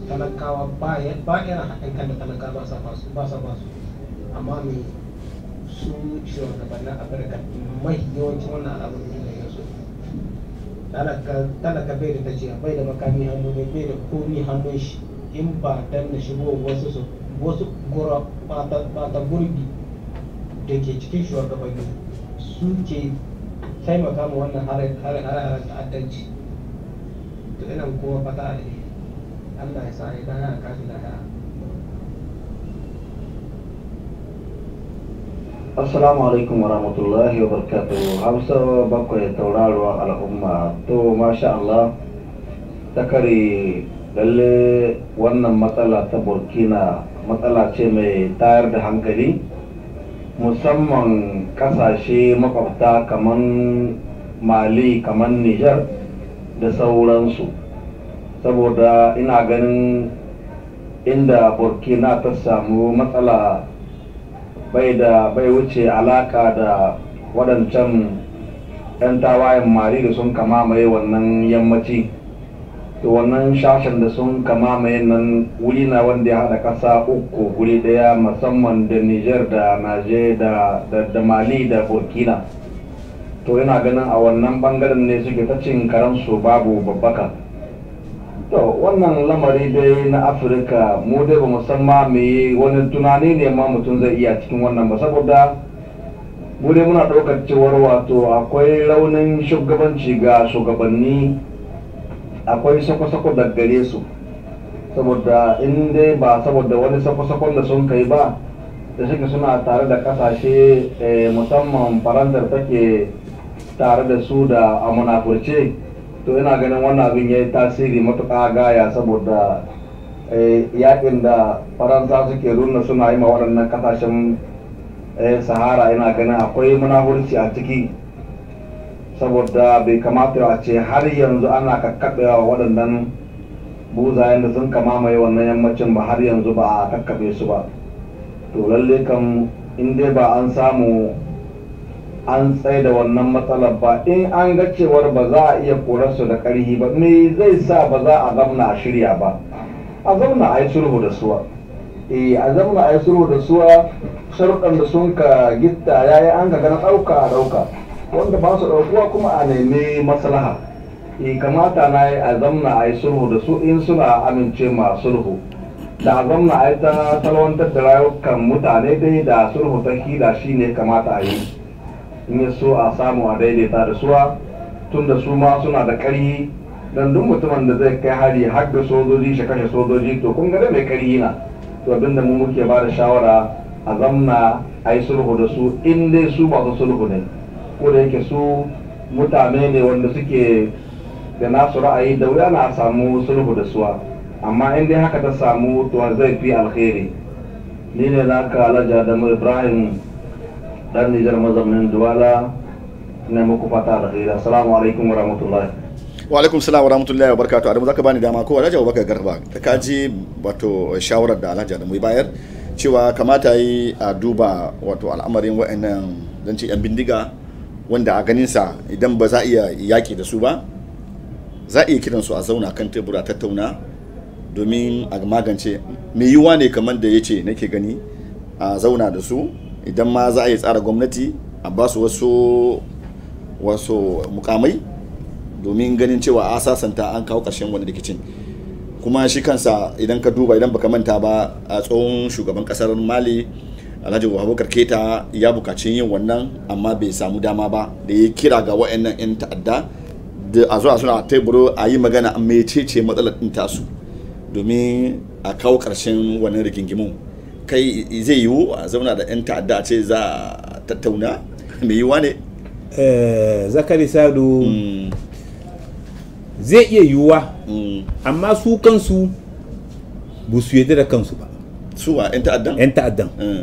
talakawa ba yana haɗin kan da talaka ba sa basu ba sa basu amma me su shugabannin afirka mai yawancin wannan al'amari ne yanzu talaka bai da tajiya bai da makami hannu ne bai da komi hannun shi in ba dan da shigowar wasu su wasu bata gurbi da ke cikin shugabanni su ke taimaka ma wannan harin ta'addanci to ina kuma fata Allah ya sa idan ana kashi lahira assalamu alaikum warahmatullahi wabarakatuh hausa bakwai tauraruwa al'umma to masha Allah ta kare lalle wannan matsala ta burkina matsala ce mai tayar da hankali musamman kasashe makwabta kamar mali kamar nijar da sauransu saboda ina ganin inda burkina ta samu matsala bai da bai wuce alaka da waɗancan 'yan tawayen mali da sun kama mai wannan yammaci to wannan shashen da sun kama mai nan wuri na wanda ya haɗa ƙasa uku guri ɗaya musamman da niger da naje da mali da burkina to yana ganin a wannan bangaren ne suke ta cin karansu babu babbaka to wannan lamari dai na afirka mu dai ba musamman mai wani tunani ne ma mutum zai iya cikin wannan ba saboda mu dai muna ɗaukar cewar wato akwai raunin shugabanci ga shugabanni akwai sako da gare su saboda in dai ba saboda wani sako da sun kai ba da suna tare da kasashe eh, musamman faransa take tare da su da a munafurce to ina ganin wannan abin ya yi tasiri matuka gaya saboda eh, yakin da faransa suke nuna suna yi ma waɗannan kasashen eh, sahara ina ganin akwai munafurci a ciki saboda bai kamata a ce har yanzu ana kakkaɓewa waɗannan buzayen da sun kamamaye wannan yammacin ba har yanzu ba a kakkaɓe su ba to lalle kan in dai ba an samu an tsaye da wannan matsalar ba in an ga cewar ba za a iya su da ƙarhi ba me zai sa ba za a zamna a shirya ba a zamna a yi sulhu da suwa e a zamna a yi sulhu da suwa sharuɗan da sun ka gitta yayi an ka gana ɗauka a ɗauka wanda ba su ɗaukuwa kuma a nemi maslaha e kamata na yi a zamna a yi sulhu da su in suna amince ma sulhu da a zamna a yi ta talwantar da rayukan mutane dai da sulhu ta hila shi ne kamata a yi in yi so a samu a daidaita da suwa tun da su ma suna da ƙarhi don duk mutumin da zai kai hari har da sojoji shi kashe sojoji to kun ga mai ƙarhi na to abinda mu muke ba da shawara a zamna a yi sulhu da su in dai su masu sulhu ne ko da yake su mutane ne wanda suke da nasu ra'ayi da wuya na samu sulhu da suwa amma in dai haka ta samu to zai fi alkhairi ni ne na ka alaja da ibrahim dan nijar mazaunin duwala ina muku fata alkhairi assalamu alaikum wa rahmatullahi wa alaikum salam wa rahmatullahi wa barakatuh adamu zaka bani dama ko alhaji abubakar garba ta kaji wato shawarar da alhaji adamu bayar cewa kamata yi a duba wato al'amarin wa'annan zan ce yan bindiga wanda a ganinsa idan ba za a iya yaƙi da su ba za a iya kiransu a zauna kan tebura tattauna domin a magance mai yiwuwa ne kamar da ya ce nake gani a zauna da su idan ma za a yi tsara gwamnati a ba su wasu wasu mukamai domin ganin cewa a sasanta an kawo ƙarshen wani rikicin kuma shi kansa idan ka duba idan baka manta ba a tsohon shugaban ƙasar mali alhaji abubakar keta ya bukaci yin wannan amma bai samu dama ba da ya kira ga wa'annan 'yan ta'adda da a zuwa suna taiburo a yi magana a mecece matsalar ɗin tasu domin a kawo ƙarshen wannan rigingimun kai zai yiwu a zauna da 'yan ta'adda a ce za a tattauna mai yiwa ne eh, zakari sadu mm. zai iya yiwuwa mm. amma su kansu ba su yadda da kansu ba su wa 'yan ta'addan 'yan ta'addan mm.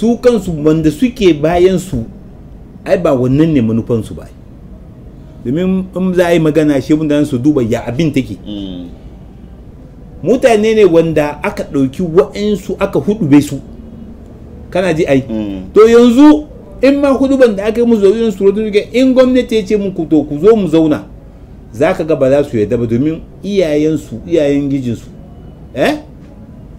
su kansu wanda suke bayan su ai ba wannan ne manufansu ba domin in za a yi magana shi mun su duba ya abin take mm. mutane ne wanda aka ɗauki wa'insu aka hudube su kana ji ai mm. to yanzu in ma huduban da aka yi mu zoyin in gwamnati ya ce muku to ku zo mu zauna za ka ga ba za su yarda ba domin iyayensu iyayen gijinsu eh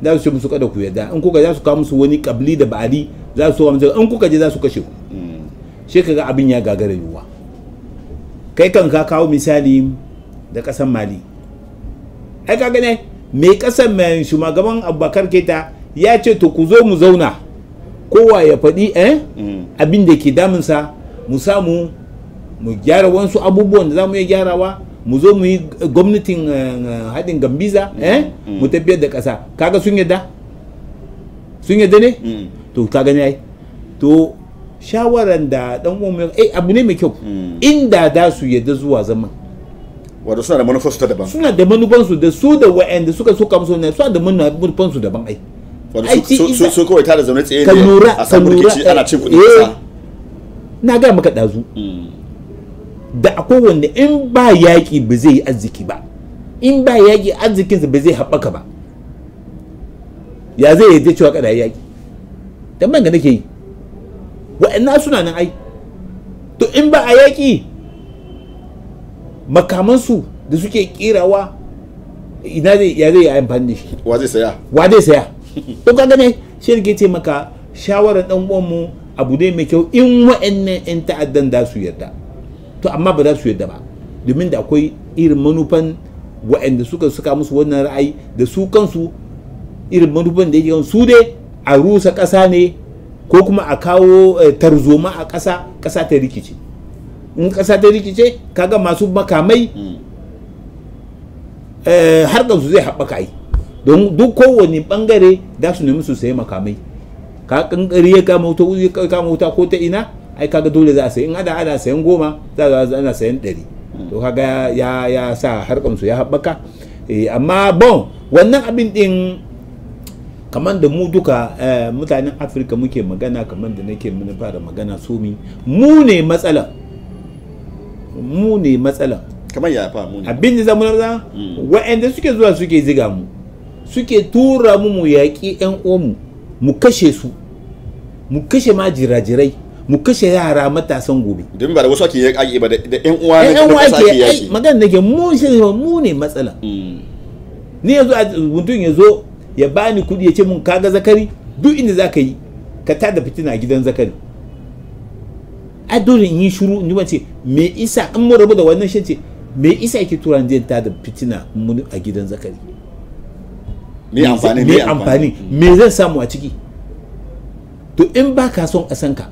za su ce musu kada ku yarda in kuka za su kawo musu wani kabli da ba'adi za su musu in kuka je za su kashe ku shi kaga abin ya gagara yiwuwa kai kan ka kawo misali da kasan mali ai ka gane mai kasan mai shugaban abubakar keta ya ce to ku zo mu zauna kowa ya faɗi eh mm. abin da ke damunsa mu samu mu gyara wasu abubuwan da za mu iya gyarawa mu zo mu yi gwamnatin eh, eh, haɗin gambiza mm. Eh? Mm. mu tafiyar da ƙasa kaga sun yadda sun yadda ne mm. to ka gani ai to shawaran da dan uwan eh abu ne mai kyau inda da su yadda zuwa zaman wato suna da manufansu ta daban suna da manufansu da su da wa'anda suka so kamso ne suna da manufansu daban ai su kawai tare zaune tsaye ne a samun rikici ana cin kuɗin kasa na ga maka ɗazu da akwai wanda in ba yaƙi ba zai yi arziki ba in ba yaƙi arzikinsa ba zai haɓaka ba ya zai yarda cewa kada yaƙi dan ban ga nake yi wa'annan suna nan ai to in ba a yaƙi makamansu da suke ƙirawa ina zai ya zai yi amfani da shi wa zai saya wa zai saya to kaga ne shi ne ce maka shawarar dan mu abu ne mai kyau in wa'annan yan ta'addan da su yarda to amma ba za su yadda ba domin da akwai irin manufan waɗanda suka suka musu wannan ra'ayi da su kansu irin manufan da yake su dai a rusa ƙasa ne ko kuma a kawo eh, tarzoma a ƙasa ƙasa ta rikice in ƙasa ta rikice kaga masu makamai eh, harkar su zai haɓaka yi don duk kowane ɓangare za su nemi su sayi makamai ka ƙanƙari ya kama wuta ko ta ina ai kaga dole za a sayi in ada ana sayan goma za a ana sayan ɗari hmm. to kaga ya ya sa harkar su ya haɓaka eh, amma bon wannan abin din kamar da mu duka eh, mutanen afirka muke magana kamar da nake mun fara magana su mi mu ne matsala mu ne matsala kamar ya fa mu ne abin da zamu nan hmm. wa'anda suke zuwa suke ziga mu suke tura mu mu yaƙi ɗan uwanmu mu kashe su mu kashe ma jirajirai mu kashe yara matasan gobe don ba da wasu ake yaki ba da yan uwa ne yan uwa ake yaki magana ke mu shi mu ne matsala mm. ni yanzu mutum ya zo ya bani kuɗi ya ce mun kaga zakari duk inda za ka yi ka da fitina a gidan zakari a dole in yi shuru in ji ce me isa in mu rabu da wannan shi ce me isa yake tura ni da fitina a gidan zakari me amfani me amfani me zan samu a ciki to in ba ka son a san ka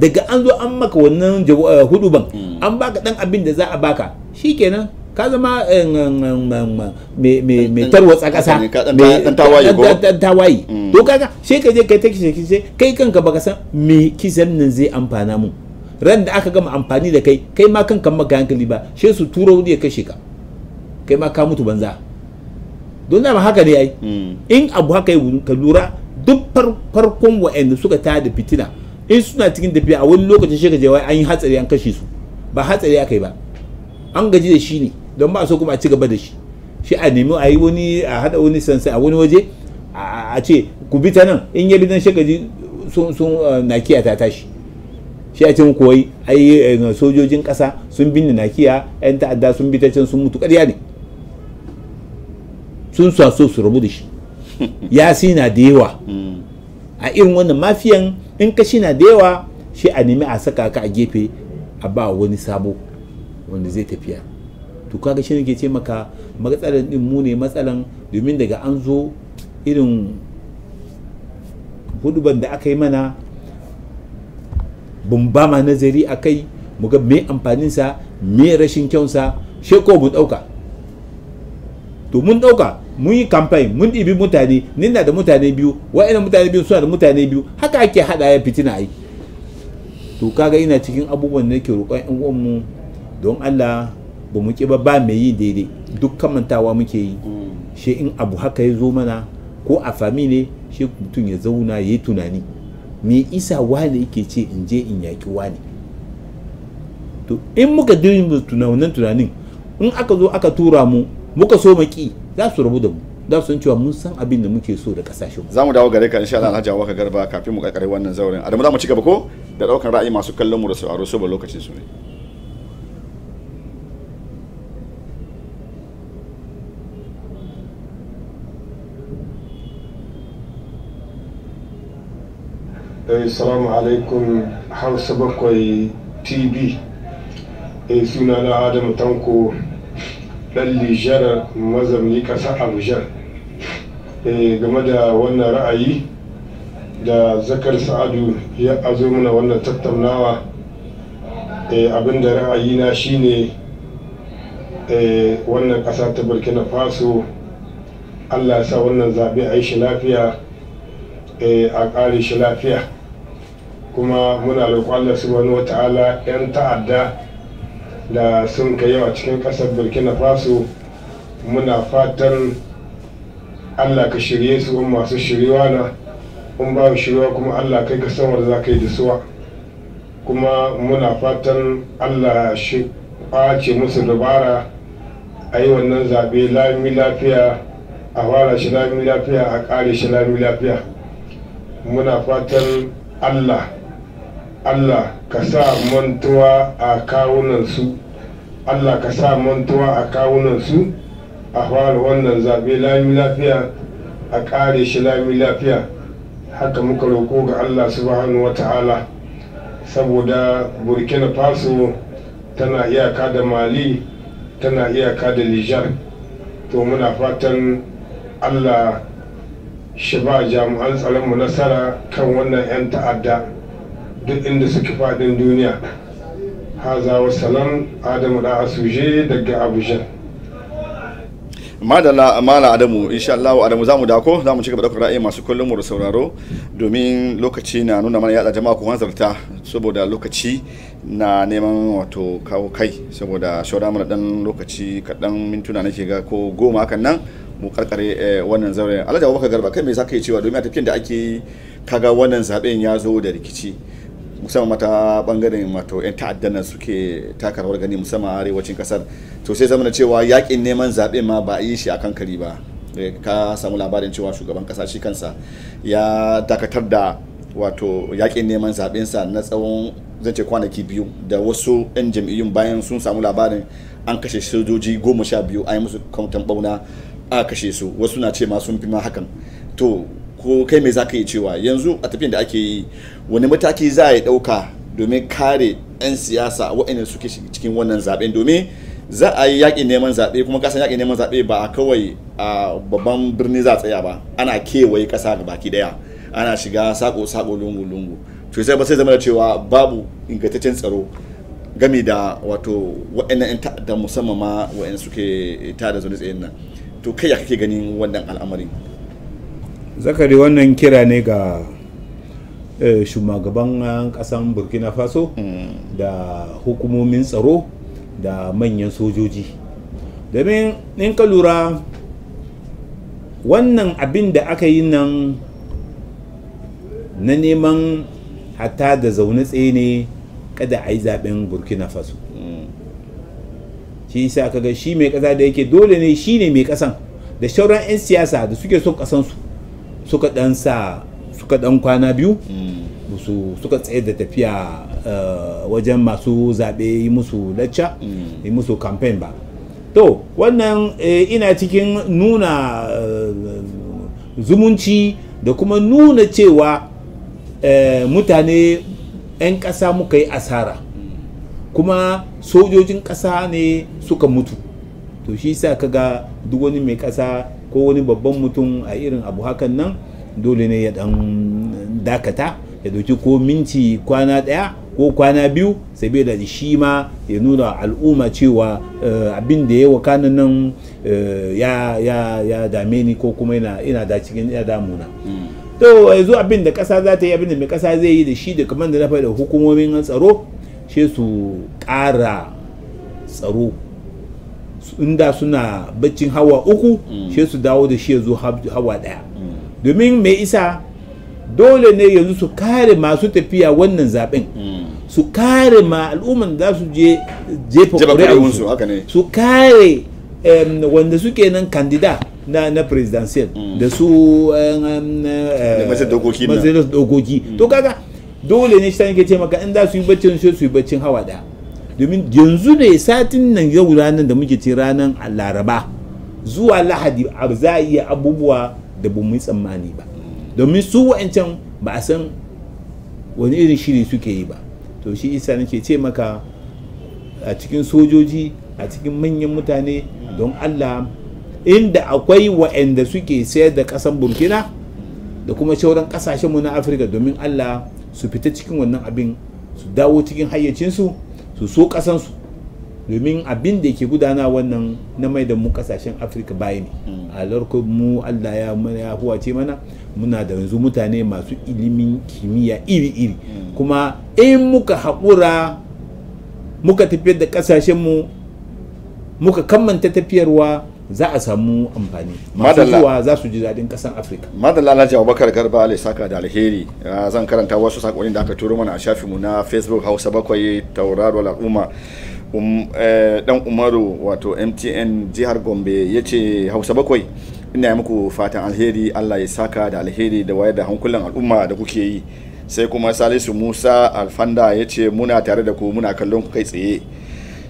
daga an zo an maka wannan eh, huduban hmm. an baka dan abin da za a baka kenan ka zama eh, mai tarwatsa ƙasa dan tawayi hmm. to kaga sai ka je kai ta shi kai kanka baka san me kisan nan zai amfana mu ran da aka gama amfani da kai kai ma kanka maka hankali ba she su turo wuri ya kashe ka kai ma ka mutu banza don dama haka ne ai hmm. in abu haka ka lura duk farkon wa'anda suka tada fitina in suna cikin tafiya a wani lokacin shi je wai an yi hatsari an kashe su ba hatsari aka yi ba an gaji da shi ne don ba so kuma a ci gaba da shi shi a nemi a yi wani a hada wani sansa a wani waje a ce ku bi ta nan in ya bi nan shi gaji sun sun eh, nakiya ta tashi shi a ce muku wai ai eh, sojojin kasa sun binne nakiya yan ta'adda sun bi ta can sun mutu ƙarya ne sun so su rabu da shi yasi na da yawa hmm. a irin wannan mafiyan in kashi na da yawa shi a nemi a saka ka a gefe a ba wani sabo wanda zai tafiya to kaga shi ne ke ce maka matsalan din mu ne matsalan domin daga an zo irin huduban da aka yi mana bumba ma nazari a kai mu ga me amfaninsa me rashin kyansa sheko mu ɗauka to mun ɗauka mun yi campaign mun ɗibi mutane nina da mutane biyu wa'ina mutane biyu suna da mutane biyu haka ake haɗa ya fitina ai to kaga ina cikin abubuwan da nake roƙon ƴan uwanmu don Allah ba mu ba ba mai yi daidai duk kamantawa muke yi mm. shi in abu haka ya zo mana ko a fami ne shi mutum ya zauna ya yi tunani me isa wani yake ce in je in yaƙi wani to in muka dirin tunanin tunanin in aka zo aka tura mu muka so maki za su rabu da mu da sun cewa mun san abin da muke so da kasashen mu. Za mu dawo gare ka insha Allah Alhaji Abubakar Garba kafin mu kakkare wannan zauren. Adamu za mu ci gaba ko da daukan ra'ayi masu kallon mu da sauraro so ba lokacin su ne. Assalamu eh, alaikum Hausa bakwai TV. Eh, sunana Adamu Tanko ɗan nijar mazamni ƙasa abujar eh, game da wannan ra'ayi da zakar sa'adu ya azo mana wannan tattaunawa eh, abinda shi shine eh, wannan ƙasa ta burkina faso allah sa wannan zaɓe a yi shi lafiya a ƙare shi lafiya kuma muna roƙon allah subhanahu wa ta'ala 'yan ta'adda da sun kai yau a cikin ƙasar burkina faso muna fatan allah ka shirye su in masu shiriwa na in ba shiriwa kuma allah kai ka san za ka yi da kuma muna fatan allah shi ce musu dabara a yi wannan zaɓe lami lafiya a fara shi lami lafiya a ƙare shi lami lafiya muna fatan allah Allah ka sa mantuwa a kawunansu Allah ka sa mantuwa a kawunansu a fara wannan zaɓe lami lafiya a ƙare shi lami lafiya haka muka roƙo ga Allah subhanahu wa ta'ala saboda burkina faso tana iyaka da mali tana iyaka da lijar to muna fatan allah shi ba jami'an tsaronmu nasara kan wannan 'yan ta'adda duk inda suke fadin duniya haza wa salam adamu da asuje daga abujan madala mala adamu insha Allah adamu zamu dako zamu ci gaba da ra'ayi masu kullum mu da sauraro domin lokaci na nuna mana yada jama'a ku hanzarta saboda lokaci na neman wato kawo kai saboda shaura mana dan lokaci kadan mintuna nake ga ko goma hakan nan mu karkare eh, wannan zaure Alhaji Abubakar Garba kai me zaka yi cewa domin a tafiyan da ake kaga wannan zaben ya zo da rikici musamman mata bangaren wato 'yan ta'addan suke taka rawar gani musamman arewacin kasar to sai zama cewa yakin neman zaɓe ma ba a yi shi a kan kari ba eh, ka samu labarin cewa shugaban kasa shi kansa ya dakatar da wato yakin neman zaɓensa na tsawon zan ce kwanaki biyu da wasu 'yan jam'iyyun bayan sun samu labarin an kashe sojoji goma sha biyu an yi musu kautan bauna a kashe su wasu na ce ma sun fi ma hakan to ko kai mai za ka yi cewa yanzu a tafiyan da ake yi wani mataki za a yi ɗauka domin kare 'yan siyasa waɗanda suke cikin wannan zaɓe domin za a yi yaƙin neman zaɓe kuma kasan yaƙin neman zaɓe ba a kawai a babban birni za a tsaya ba ana kewaye ƙasa ga baki ɗaya ana shiga sako-sako lungu-lungu to sai ba sai zama da cewa babu ingantaccen tsaro game da wato waɗannan 'yan ta'adda musamman ma waɗanda suke tada zaune tsayin nan to kai ya kake ganin wannan al'amarin zakari wannan kira ne ga eh, shugaban eh, kasan burkina faso hmm. da hukumomin tsaro da manyan sojoji domin in ka lura wannan abin da aka yi nan na neman hatta da zaune tsaye ne kada a yi zaben burkina faso shi sa kaga shi mai kasa da yake dole ne shi ne mai kasan da shauran 'yan siyasa da suke son kasansu suka dan sa suka dan kwana biyu mm. musu suka tsaye da tafiya eh, wajen masu zaɓe yi musu lacca mm. yi musu campaign ba to wannan eh, ina cikin nuna eh, zumunci da kuma nuna cewa mutane 'yan ƙasa muka yi asara mm. kuma sojojin ƙasa ne suka mutu to shi sa kaga duk wani mai ƙasa ko wani babban mutum a irin abu hakan nan dole ne ya dan dakata ya dauki ko minti kwana daya ko kwana biyu saboda shi ma ya nuna al'umma cewa eh, abin da ya wakana nan eh, ya dame ni ko kuma ina da cikin ya damuna hmm. to yanzu abin da kasa za ta yi abin da mai kasa zai yi da shi da kamar da na faɗa hukumomin tsaro sai su ƙara tsaro inda suna baccin hawa uku mm. shi su dawo da shi ya zo hawa daya mm. domin mai isa dole ne yanzu su kare masu tafiya wannan zaben mm. su kare ma al'umman za su je jefa ƙuri'unsu su kare wanda suke nan kandida na na presidential da su eh, masu dokoki to kaga dole ne shi ta nake ce maka in za su yi baccin shi su yi baccin hawa daya domin yanzu ne satin nan yau ranar da muke ce ranar laraba zuwa lahadi za a iya abubuwa da ba mu yi tsammani ba domin su wa'ancan ba a san wani irin shiri suke yi ba to shi isa nake ce maka a cikin sojoji a cikin manyan mutane don allah inda akwai wa'anda suke sayar da kasan burkina da kuma shauran mu na afirka domin allah su fita cikin wannan abin su dawo cikin hayyacinsu su so kasansu domin abin da ke gudana wannan na mai da mu kasashen afirka baya ne mm. a larko mu allah ya huwa ce mana muna da yanzu mutane masu ilimin kimiyya iri-iri mm. kuma in muka haƙura muka tafiyar da kasashenmu muka kammanta tafiyarwa za a samu amfani masu zuwa za su ji daɗin ƙasar afirka madalla alhaji abubakar garba a saka da alheri ah, zan karanta wasu sakonni da aka turo mana a shafinmu na facebook hausa bakwai tauraro al'umma dan um, eh, umaru wato mtn jihar gombe ya ce hausa bakwai ina yi muku fatan alheri allah ya saka da alheri da wayar da hankulan al'umma da kuke yi sai kuma salisu musa alfanda ya ce muna tare da ku muna kallon ku kai tsaye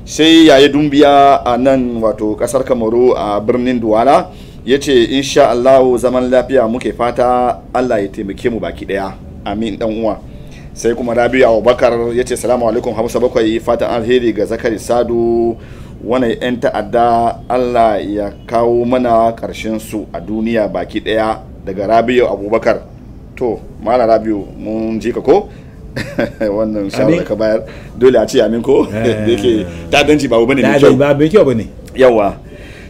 sai yayi dumbiya a nan wato kasar kamaru a birnin duwala ya ce insha Allah zaman lafiya muke fata Allah ya taimake mu baki daya amin dan uwa sai kuma rabiu abubakar ya ce salamu alaikum hamsa bakwai fata alheri ga zakari sadu wani 'yan ta'adda allah ya kawo mana karshen su a duniya baki daya daga rabiu abubakar to mala rabiu mun ji ka ko wannan shawara ka bayar dole a ce amin ko eh. da yake ta'addanci ba bane ne kyau ba mai kyau bane yawa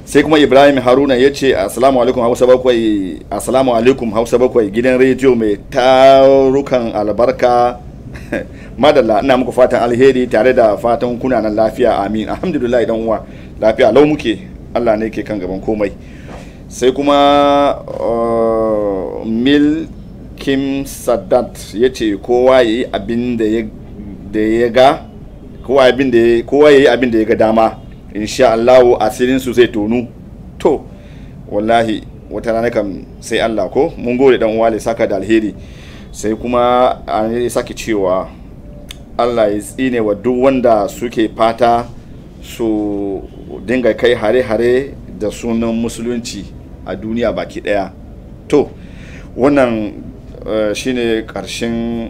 sai kuma ibrahim haruna ya ce assalamu alaikum hausa bakwai assalamu alaikum hausa bakwai gidan rediyo mai tarukan albarka madalla ina muku fatan alheri tare da fatan kuna nan lafiya amin alhamdulillah idan uwa lafiya lau muke allah ne ke kan gaban komai sai kuma uh, mil kim sadat ya ce kowa ya yi abin da ya ga kowa ya yi abin da ya ga dama insha Allah asirin su zai tonu to wallahi wata rana kam sai Allah ko mun gode dan uwa saka da alheri sai kuma an sake cewa Allah ya tsine wa duk wanda suke fata su dinga kai hare-hare da sunan musulunci a duniya baki daya to wannan Eh, shine karshen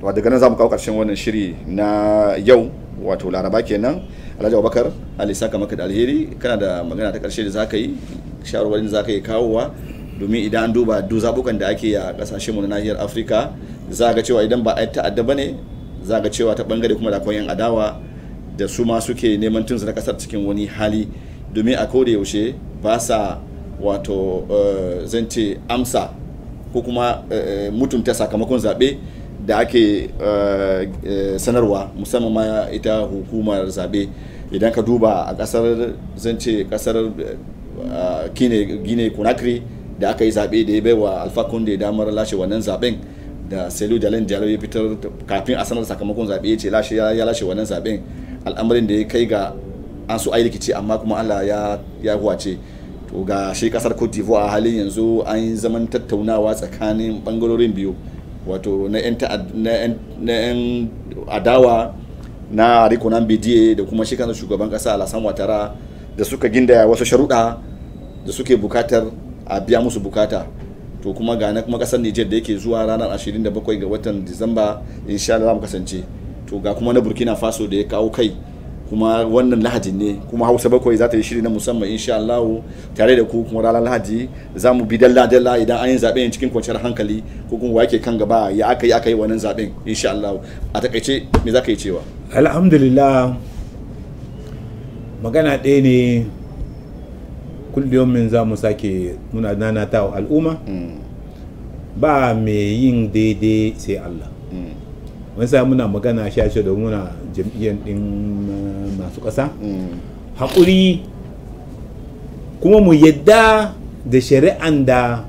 wa daga nan za mu kawo karshen wannan shiri na yau wato laraba kenan alhaji abubakar alisa kamar ka da alheri kana da magana ta karshe da za ka yi shawarwarin da za ka yi kawowa domin idan an duba duk zabukan da ake yi a kasashen mu na nahiyar afirka za ga cewa idan ba a ta'adda ba ne za ga cewa ta bangare kuma da akwai yan adawa da su ma suke neman na kasar cikin wani hali domin a koda yaushe ba sa wato eh, zan ce amsa ko kuma eh, mutunta sakamakon zaɓe da ake eh, sanarwa musamman ma ita hukumar zaɓe idan ka duba a ƙasar zan ce ƙasar gine conakry da aka yi zaɓe da ya bai wa alfa conde damar lashe wannan zaɓen da selu jalen jalo ya fitar kafin a sanar sakamakon zaɓe ya ce ya lashe wannan zaɓen al'amarin da ya kai ga an so ayi rikici amma kuma allah ya huwace to ga shi kasar cote d'ivoire a halin yanzu an yi zaman tattaunawa tsakanin bangarorin biyu wato na 'yan adawa na rikunan bidiye da kuma shi kansa shugaban kasa lasan watara da suka gindaya wasu sharuɗa da suke bukatar a biya musu bukata to kuma ga na kuma kasar niger da yake zuwa ranar 27 ga watan disamba insha Allah mu kasance to ga kuma na burkina faso da ya kawo kai kuma wannan lahadi ne kuma hausa bakwai za ta yi shiri na musamman insha Allah tare da ku kuma ranar lahadi za mu bi dalla dalla idan an yi yin cikin kwanciyar hankali ko kuma wake kan gaba ya aka yi aka yi wannan zaɓen insha Allah a takaice me za ka yi cewa alhamdulillah magana ɗaya ne kullum min za mu sake muna nanatawa al'umma mm. ba mai yin daidai sai Allah wani sa muna magana sha da muna jam'iyyar din eh, masu ƙasa mm. haƙuri kuma mu yadda da shari'an da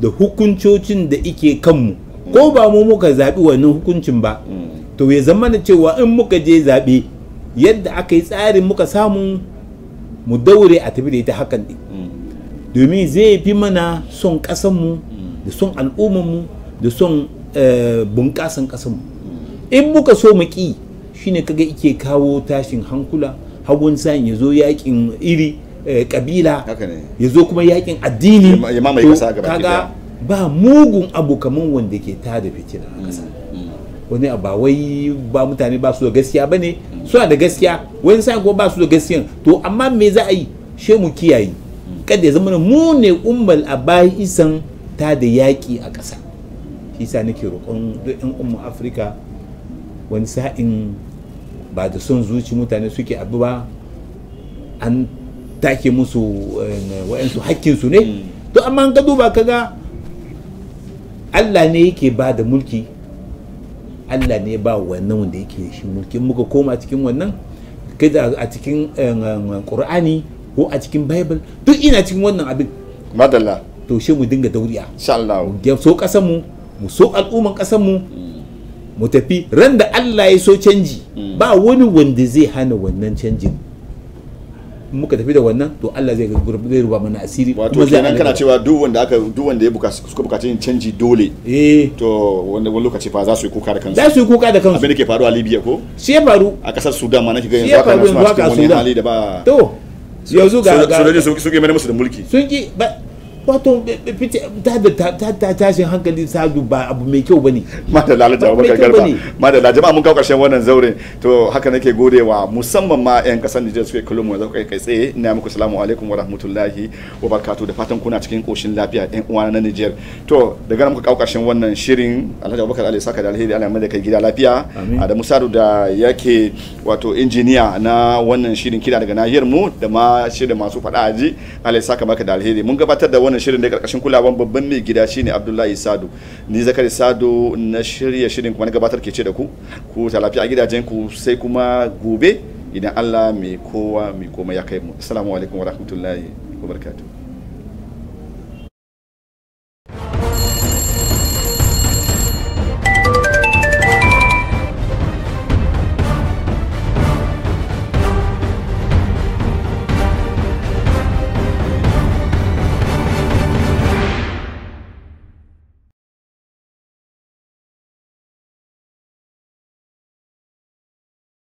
da hukuncocin da ike kanmu ko mm. ba mu muka zaɓi wannan hukuncin ba mm. to ya zama da cewa in muka je zaɓe yadda aka yi tsarin muka samu mu daure a tafi da ita hakan ɗin domin zai fi mana son ƙasanmu da son al'ummanmu da son eh, bunƙasan ƙasanmu in muka so mu ƙi shine kaga ike kawo tashin hankula hagun sa'in ya zo yakin iri kabila eh, ya zo kuma yakin addini kaga ba mugun abu kamar wanda ke tada fitina a ƙasa mm, mm. wani ba wai ba mutane ba su da gaskiya ba ne suna da gaskiya wani sa'in kuma ba su da gaskiya to amma me za a yi she mu kiyaye mm. kada ya zama mu ne ummal a bayan isan tada yaƙi a ƙasa shi sa nake roƙon duk 'yan umman afirka wani sa'in ba da son zuci mutane suke abu ba an take musu eh, wa'yansu hakkinsu ne hmm. to amma ka duba kaga Allah ne yake ba da mulki Allah ne ba wannan wanda yake shi mulki muka koma cikin wannan kada a cikin eh, Qur'ani ko a cikin Bible duk ina cikin wannan abin madalla to shi mu dinga dauriya insha mu so ƙasanmu mu so al'umman ƙasanmu hmm. mu tafi ran da Allah ya so canji mm. ba wani wanda zai hana wannan canjin muka tafi da wannan to Allah zai zai ruba mana asiri wato kenan kana cewa duk wanda aka duk wanda ya bukaci suka bukaci yin canji dole eh to wanda wani lokaci fa za su yi kuka da kansu za su yi kuka da kansu abin da ke faruwa a Libya ko shi ya faru a kasar Sudan ma nake ga yanzu aka nasu cikin wani hali da ba to yanzu ga ga sun ki mai musu da mulki sun ki wato eh, eh, ta ta ta tashin hankali sadu ba abu mai kyau bane mata lalata ba garba mata lalata jama'a mun kawo karshen wannan zaure to haka nake godewa musamman ma yan kasar Nijar suke kullum mu zaka kai tsaye ina muku assalamu alaikum wa rahmatullahi wa barakatuh da fatan kuna cikin koshin lafiya yan uwana na Nijar to daga nan muka kawo karshen wannan shirin Alhaji Abubakar Ali saka da alheri Allah mai kai gida lafiya da Musadu da yake wato injiniya na wannan shirin kira daga nahiyar mu da ma shirin masu fada aji Allah ya saka maka da alheri mun gabatar da wannan wannan shirin da karkashin kulawan babban mai gida shine Abdullahi Sadu ni Zakari Sadu na shirya shirin kuma na gabatar ke ce da ku ku ta lafiya a gidajen ku sai kuma gobe idan Allah mai kowa mai komai ya kai mu assalamu alaikum wa rahmatullahi wa barakatuh